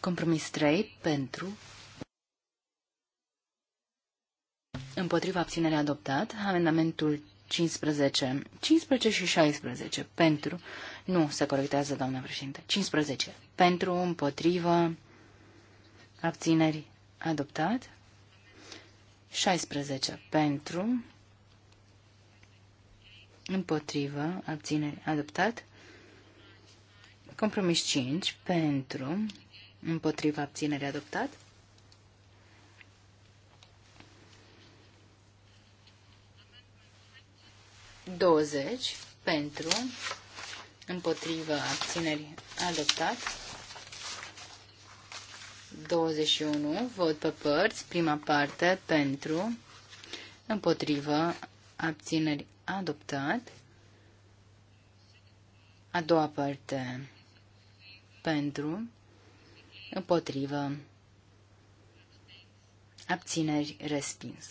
Compromis 3 pentru. împotriva abținerii adoptat. Amendamentul 15. 15 și 16 pentru. Nu, se corectează, doamna președinte. 15. Pentru, împotrivă, abținerii adoptat. 16 pentru, împotrivă, abține, adoptat. Compromis 5, pentru, împotrivă, abținere, adoptat. Douăzeci, pentru, împotrivă, abțineri, adoptat. 21, vot pe părți, prima parte, pentru, împotrivă, abțineri, adoptat. A doua parte pentru, împotrivă, abțineri respins.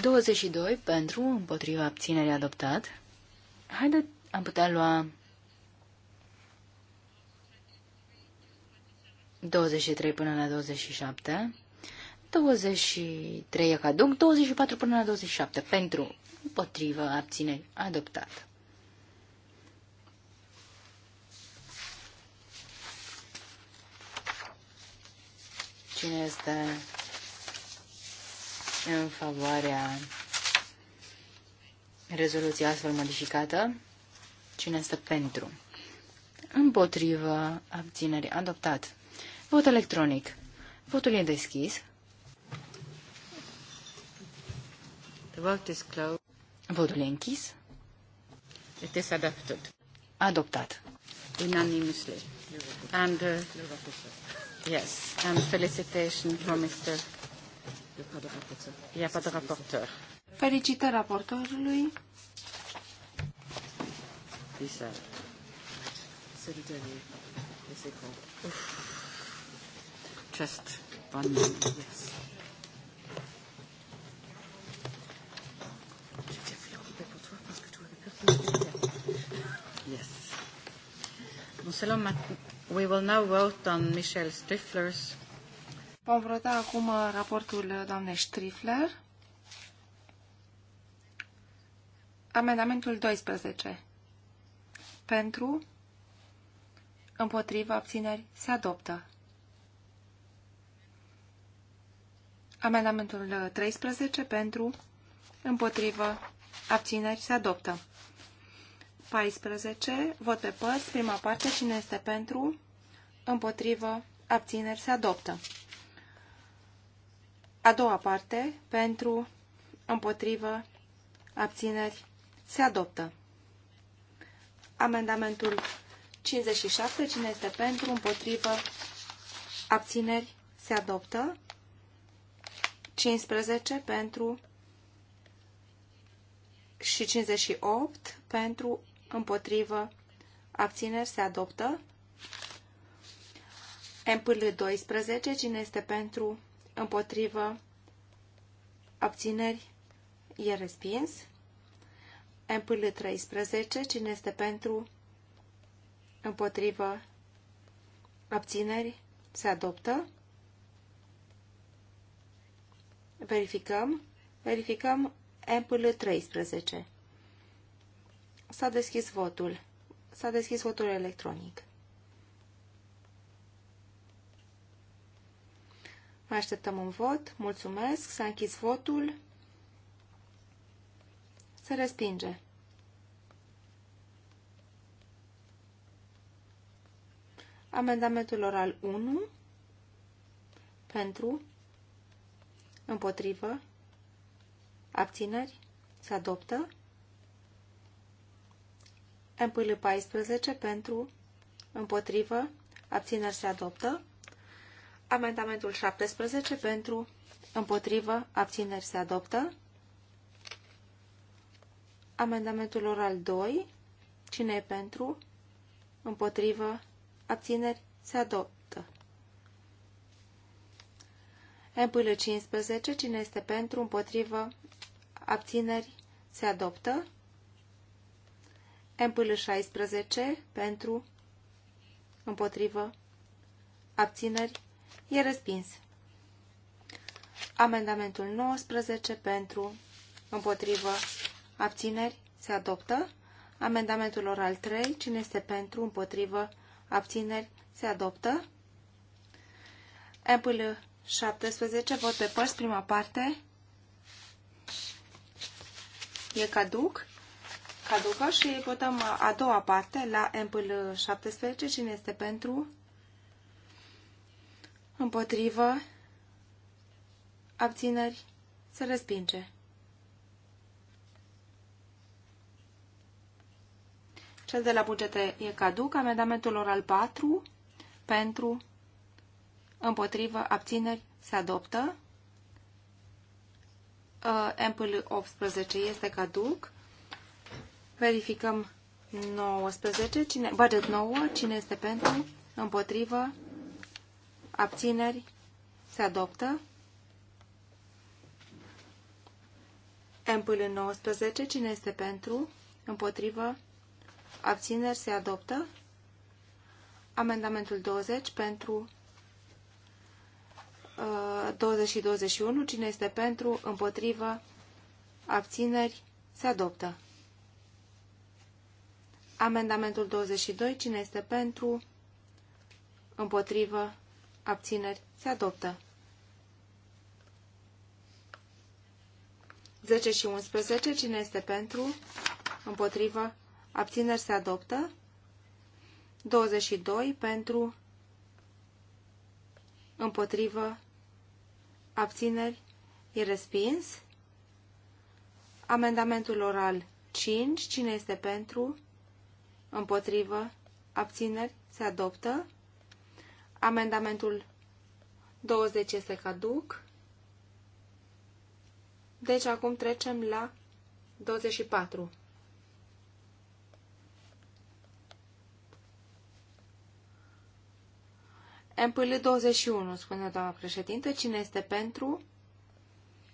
Douăzeci doi pentru, împotriva abținerii adoptat. Haideți, am putea lua 23 până la 27. 23 e caduc, 24 până la 27 pentru, împotrivă, abțineri, adoptat. Cine este în favoarea rezoluției astfel modificată? Cine este pentru? Împotrivă, abținerii adoptat. Vot electronic. Votul e deschis. The vote is closed. Votul e închis. It is adopted. Adoptat. Unanimously. And, uh, yes, and felicitations for Mr. Ia de raportor. Felicitări raportorului. Lisa. Celui de Just one minute, yes. Councilor. We will now vote on Michel Strifler's. Vom vota acum uh, raportul doamnei Strifler. Amendamentul 12. Pentru, împotriva, abțineri, se adoptă. Amendamentul 13 pentru, împotriva abțineri, se adoptă. 14. Vot pe părți. Prima parte. Cine este pentru? Împotrivă. Abțineri. Se adoptă. A doua parte. Pentru. Împotrivă. Abțineri. Se adoptă. Amendamentul 57. Cine este pentru? Împotrivă. Abțineri. Se adoptă. 15. Pentru. Și 58. Pentru împotrivă, abțineri se adoptă. MPL 12, cine este pentru, împotrivă, abțineri, e respins. MPL 13, cine este pentru, împotrivă, abțineri, se adoptă. Verificăm. Verificăm MPL 13. S-a deschis votul. S-a deschis votul electronic. Mai așteptăm un vot. Mulțumesc. S-a închis votul. Se respinge. Amendamentul oral 1 pentru împotrivă abțineri se adoptă Empl 14 pentru, împotrivă, abțineri se adoptă. Amendamentul 17 pentru, împotrivă, abțineri se adoptă. Amendamentul oral 2, cine e pentru, împotrivă, abțineri se adoptă. Empl 15, cine este pentru, împotrivă, abțineri se adoptă. MPL16 pentru, împotrivă, abțineri, e respins. Amendamentul 19 pentru, împotrivă, abțineri, se adoptă. Amendamentul oral 3, cine este pentru, împotrivă, abțineri, se adoptă. MPL 17, vot pe părți, prima parte, e caduc caducă și votăm a doua parte la MPL 17. Cine este pentru? Împotrivă? Abțineri? Se respinge. Cel de la bugete e caduc. Amendamentul oral 4 pentru, împotrivă, abțineri se adoptă. Uh, MPL 18 este caduc. Verificăm 19. Cine, budget 9. Cine este pentru? Împotrivă? Abțineri? Se adoptă. Ampul 19. Cine este pentru? Împotrivă? Abțineri? Se adoptă. Amendamentul 20 pentru uh, 20 și 21. Cine este pentru? Împotrivă? Abțineri? Se adoptă. Amendamentul 22. Cine este pentru? Împotrivă? Abțineri? Se adoptă. 10 și 11. Cine este pentru? Împotrivă? Abțineri? Se adoptă. 22. Pentru? Împotrivă? Abțineri? E respins. Amendamentul oral 5. Cine este pentru? împotrivă, abțineri, se adoptă. Amendamentul 20 este caduc. Deci acum trecem la 24. MPL 21, spune doamna președinte, cine este pentru,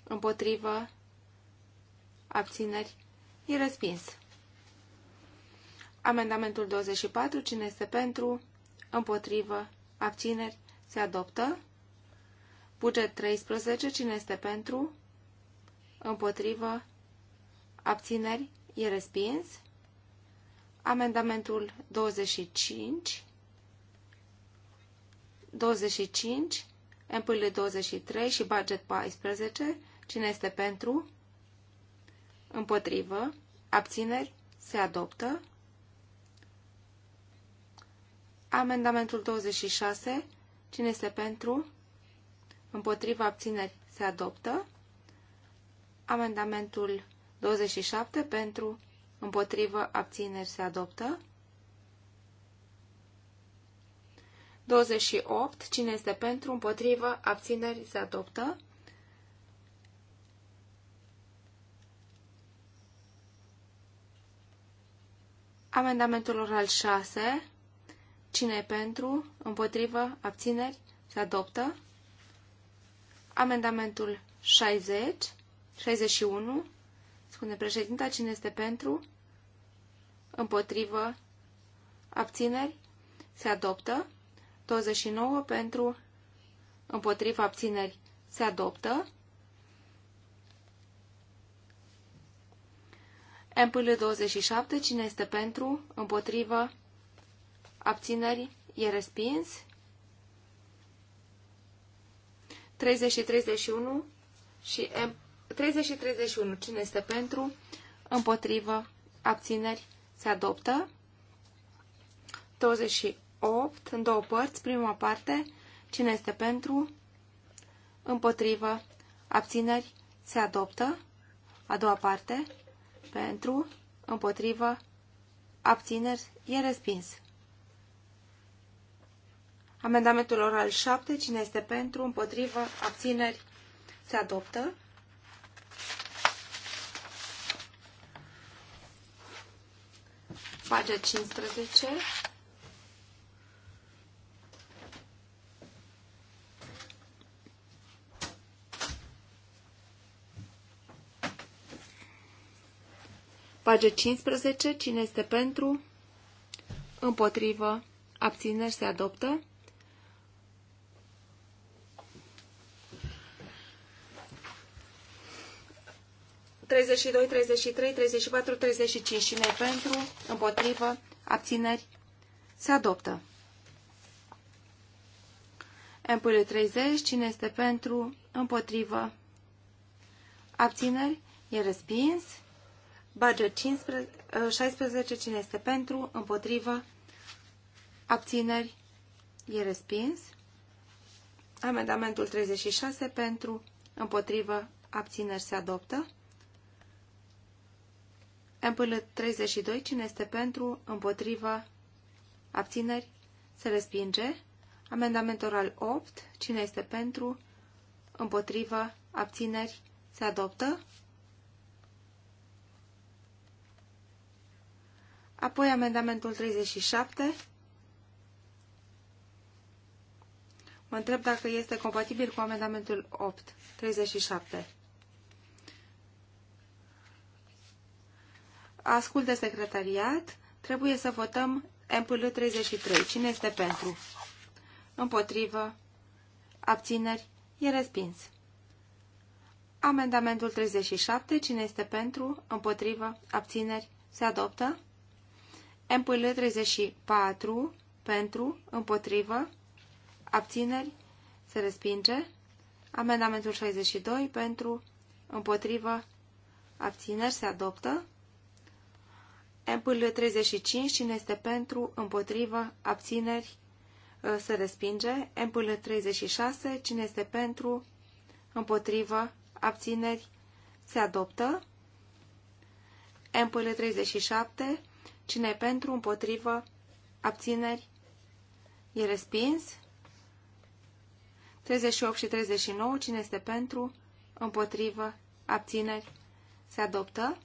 împotrivă, abțineri, e respins. Amendamentul 24. Cine este pentru? Împotrivă. Abțineri. Se adoptă. Buget 13. Cine este pentru? Împotrivă. Abțineri. E respins. Amendamentul 25. 25. MPL 23 și budget 14. Cine este pentru? Împotrivă. Abțineri. Se adoptă. Amendamentul 26. Cine este pentru? Împotriva abțineri se adoptă. Amendamentul 27 pentru împotrivă abțineri se adoptă. 28. Cine este pentru împotrivă abțineri se adoptă. Amendamentul oral 6 Cine e pentru? Împotrivă? Abțineri? Se adoptă. Amendamentul 60, 61, spune președinta, cine este pentru? Împotrivă? Abțineri? Se adoptă. 29 pentru? Împotrivă? Abțineri? Se adoptă. MPL 27, cine este pentru? Împotrivă? abțineri, e respins. 30 și 31 și M 30 și 31, cine este pentru, împotrivă, abțineri, se adoptă. 28, în două părți, prima parte, cine este pentru, împotrivă, abțineri, se adoptă. A doua parte, pentru, împotrivă, abțineri, e respins. Amendamentul oral 7. Cine este pentru? Împotrivă? Abțineri? Se adoptă. Pagina 15. Page 15. Cine este pentru? Împotrivă. Abțineri se adoptă. 32, 33, 34, 35. Cine pentru? Împotrivă? Abțineri? Se adoptă. MPL 30. Cine este pentru? Împotrivă? Abțineri? E respins. Budget 15, 16. Ă, Cine este pentru? Împotrivă? Abțineri? E respins. Amendamentul 36 pentru, împotrivă, abțineri se adoptă. MPL 32, cine este pentru, împotrivă, abțineri, se respinge. Amendament oral 8, cine este pentru, împotrivă, abțineri, se adoptă. Apoi amendamentul 37. Mă întreb dacă este compatibil cu amendamentul 8, 37. ascult de secretariat, trebuie să votăm MPL 33. Cine este pentru? Împotrivă. Abțineri. E respins. Amendamentul 37. Cine este pentru? Împotrivă. Abțineri. Se adoptă. MPL 34. Pentru. Împotrivă. Abțineri. Se respinge. Amendamentul 62. Pentru. Împotrivă. Abțineri. Se adoptă. Ampul 35, cine este pentru, împotrivă, abțineri, uh, se respinge. Ampul 36, cine este pentru, împotrivă, abțineri, se adoptă. Ampul 37, cine e pentru, împotrivă, abțineri, e respins. 38 și 39, cine este pentru, împotrivă, abțineri, se adoptă.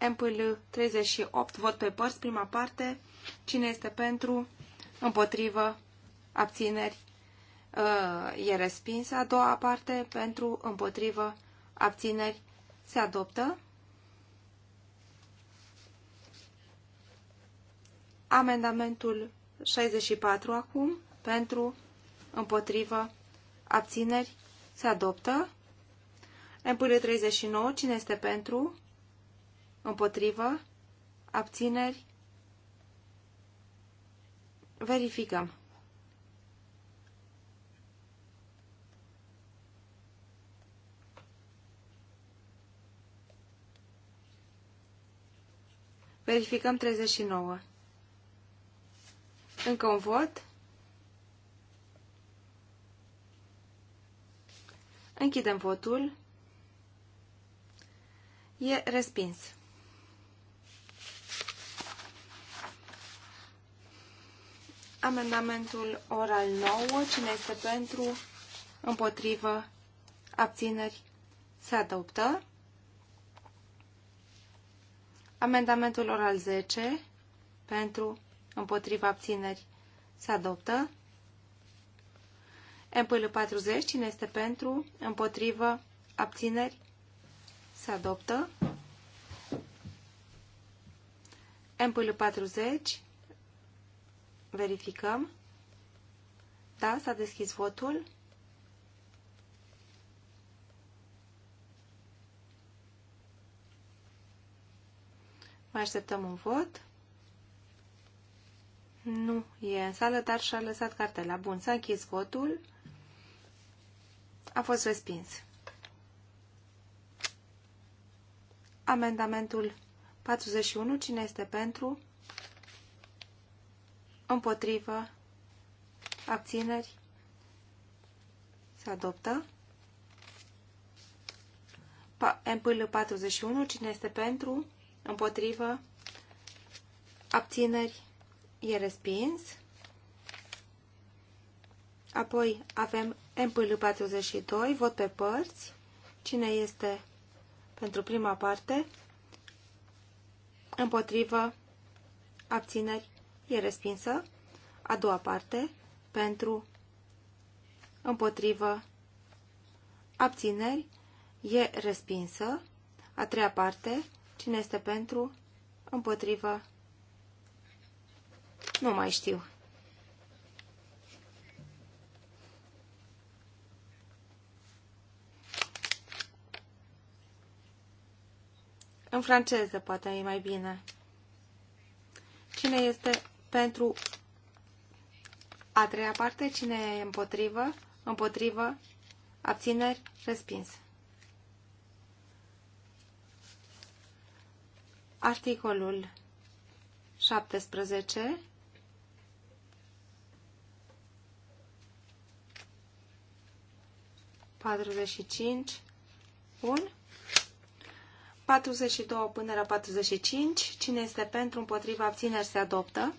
MPL 38, vot pe părți, prima parte. Cine este pentru? Împotrivă? Abțineri? Uh, e respinsă. A doua parte, pentru? Împotrivă? Abțineri? Se adoptă. Amendamentul 64 acum, pentru, împotrivă, abțineri, se adoptă. MPL 39, cine este pentru, Împotrivă? Abțineri? Verificăm. Verificăm 39. Încă un vot. Închidem votul. E respins. Amendamentul oral 9. Cine este pentru? Împotrivă? Abțineri? Se adoptă. Amendamentul oral 10. Pentru? Împotrivă? Abțineri? Se adoptă. MPL 40. Cine este pentru? Împotrivă? Abțineri? Se adoptă. MPL 40 Verificăm. Da, s-a deschis votul. Mai așteptăm un vot. Nu e în sală, dar și-a lăsat cartela. Bun, s-a închis votul. A fost respins. Amendamentul 41. Cine este pentru? împotrivă, abțineri, se adoptă. MPL 41, cine este pentru, împotrivă, abțineri, e respins. Apoi avem MPL 42, vot pe părți, cine este pentru prima parte, împotrivă, abțineri, e respinsă. A doua parte, pentru, împotrivă, abțineri, e respinsă. A treia parte, cine este pentru, împotrivă, nu mai știu. În franceză poate e mai bine. Cine este pentru a treia parte, cine e împotrivă, împotrivă, abțineri, respins. Articolul 17 45 1 42 până la 45 cine este pentru împotriva abțineri se adoptă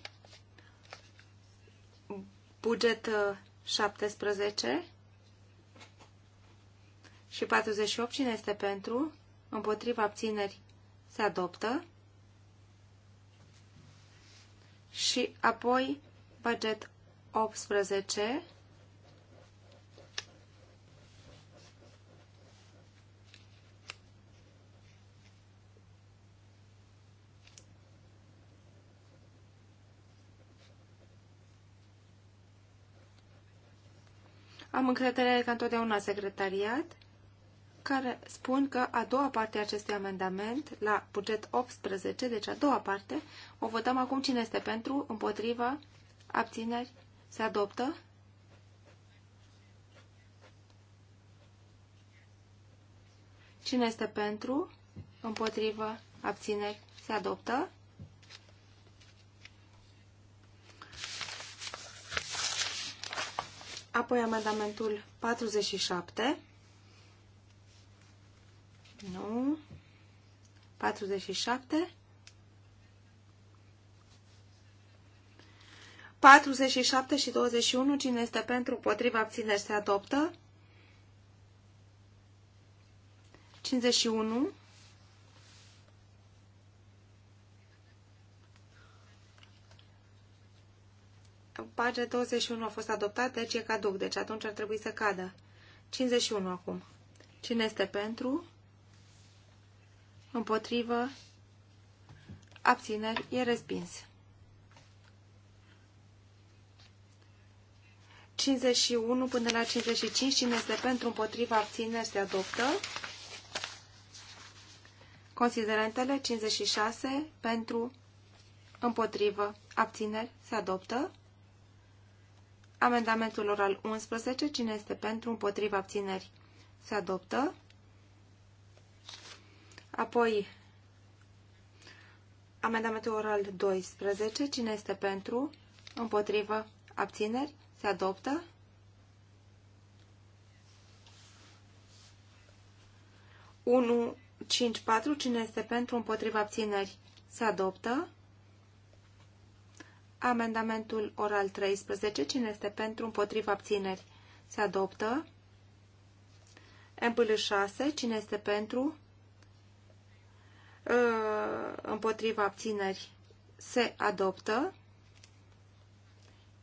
Buget 17 uh, și 48. Cine este pentru? Împotriva abțineri se adoptă. Și apoi buget 18 Am încredere ca întotdeauna secretariat, care spun că a doua parte a acestui amendament, la buget 18, deci a doua parte, o votăm acum cine este pentru, împotriva, abțineri, se adoptă. Cine este pentru, împotrivă, abțineri, se adoptă. Apoi amendamentul 47. Nu. 47. 47 și 21. Cine este pentru, potriva, abțineri, se adoptă. 51. Pagina 21 a fost adoptat, deci e caduc, deci atunci ar trebui să cadă. 51 acum. Cine este pentru? Împotrivă? Abțineri? E respins. 51 până la 55. Cine este pentru? Împotrivă? Abțineri? Se adoptă. Considerentele 56 pentru împotrivă abțineri se adoptă. Amendamentul oral 11. Cine este pentru? Împotriva abțineri se adoptă. Apoi, amendamentul oral 12. Cine este pentru? Împotrivă abțineri se adoptă. Unu, 5, 4. Cine este pentru? Împotriva abțineri se adoptă. Amendamentul oral 13. Cine este pentru? Împotriva abțineri. Se adoptă. MPL 6. Cine este pentru? Ă, împotriva abțineri. Se adoptă.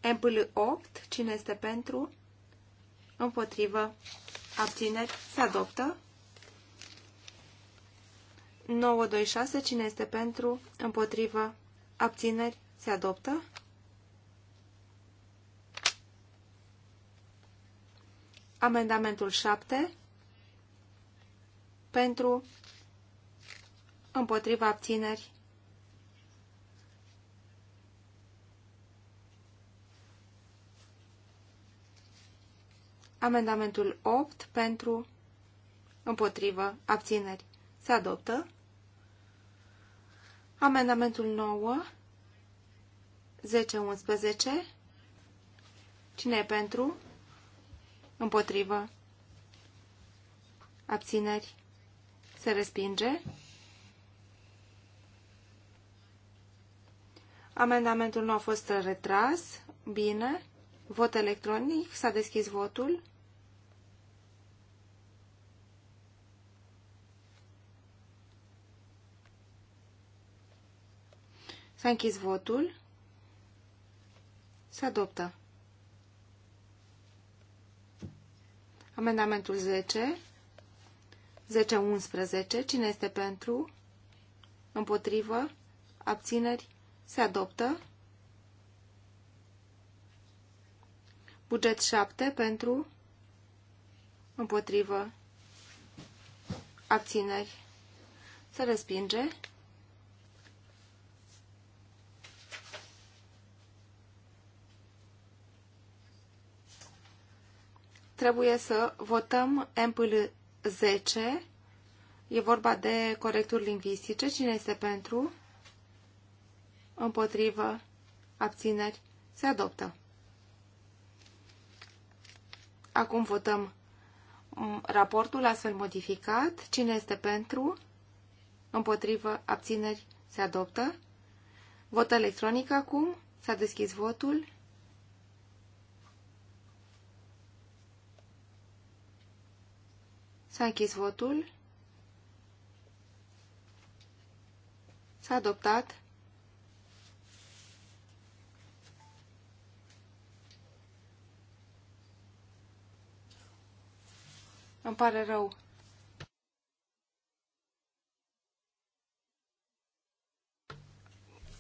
MPL 8. Cine este pentru? împotriva Abțineri. Se adoptă. 926. Cine este pentru? împotriva Abțineri. Se adoptă. Amendamentul 7 pentru împotriva abțineri. Amendamentul 8 pentru împotrivă abțineri. Se adoptă. Amendamentul 9 10-11. Cine e pentru? Împotrivă. Abțineri. Se respinge. Amendamentul nu a fost retras. Bine. Vot electronic. S-a deschis votul. S-a închis votul. Se adoptă. Amendamentul 10. 10-11. Cine este pentru? Împotrivă? Abțineri? Se adoptă. Buget 7 pentru? Împotrivă? Abțineri? Se respinge. trebuie să votăm MPL 10. E vorba de corecturi lingvistice. Cine este pentru? Împotrivă? Abțineri? Se adoptă. Acum votăm mm, raportul astfel modificat. Cine este pentru? Împotrivă? Abțineri? Se adoptă. Vot electronic acum. S-a deschis votul. S-a închis votul. S-a adoptat. Îmi pare rău.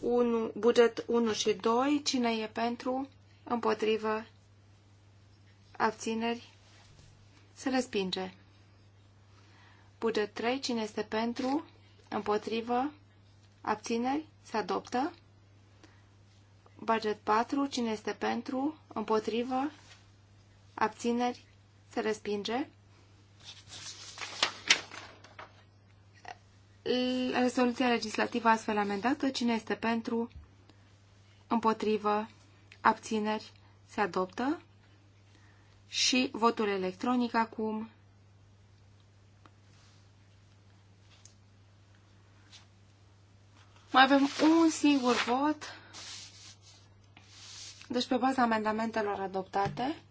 Unu, buget 1 și 2. Cine e pentru? Împotrivă? Abțineri? Se respinge. Buget 3. Cine este pentru? Împotrivă? Abțineri? Se adoptă. Budget 4. Cine este pentru? Împotrivă? Abțineri? Se respinge. Rezoluția legislativă astfel amendată. Cine este pentru? Împotrivă? Abțineri? Se adoptă. Și votul electronic acum. Mai avem un singur vot. Deci pe baza amendamentelor adoptate,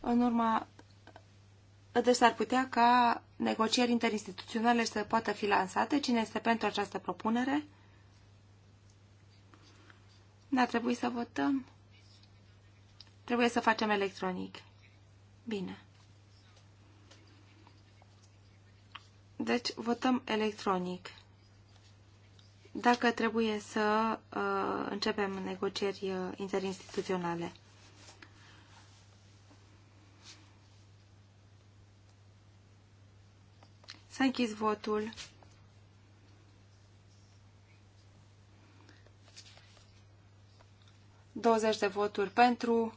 în urma... Deci s-ar putea ca negocieri interinstituționale să poată fi lansate. Cine este pentru această propunere? Da, trebuie să votăm. Trebuie să facem electronic. Bine. Deci votăm electronic dacă trebuie să uh, începem negocieri uh, interinstituționale. S-a închis votul. Douăzeci de voturi pentru,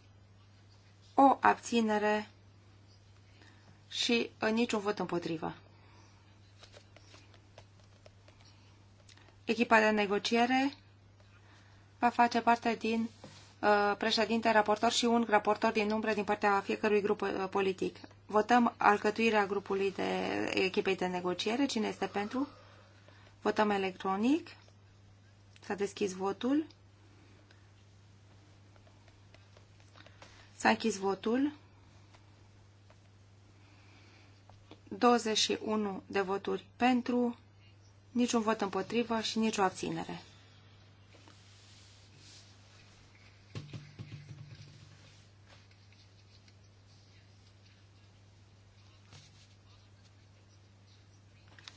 o abținere și uh, niciun vot împotrivă. echipa de negociere va face parte din uh, președinte, raportor și un raportor din umbră din partea fiecărui grup uh, politic. Votăm alcătuirea grupului de echipei de negociere. Cine este pentru? Votăm electronic. S-a deschis votul. S-a închis votul. 21 de voturi pentru, niciun vot împotrivă și nicio abținere.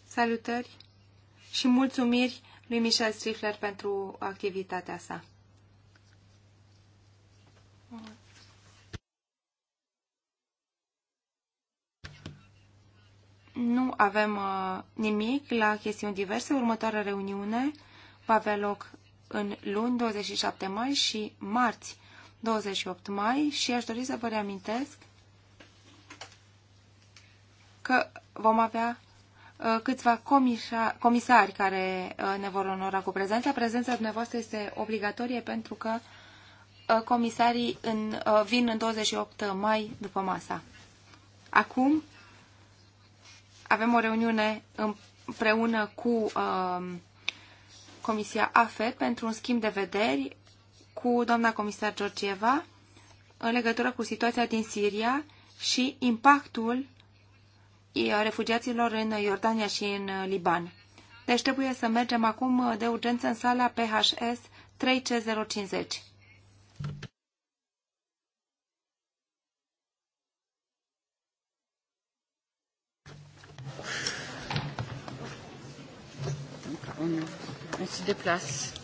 Salutări și mulțumiri lui Michel Strifler pentru activitatea sa. Mulțumesc. nu avem uh, nimic la chestiuni diverse. Următoarea reuniune va avea loc în luni 27 mai și marți 28 mai și aș dori să vă reamintesc că vom avea uh, câțiva comisari care uh, ne vor onora cu prezența. Prezența dumneavoastră este obligatorie pentru că comisarii în, vin în 28 mai după masa. Acum avem o reuniune împreună cu um, Comisia AFET pentru un schimb de vederi cu doamna comisar Georgieva în legătură cu situația din Siria și impactul refugiaților în Iordania și în uh, Liban. Deci trebuie să mergem acum uh, de urgență în sala PHS 3C050. on, deci se déplace.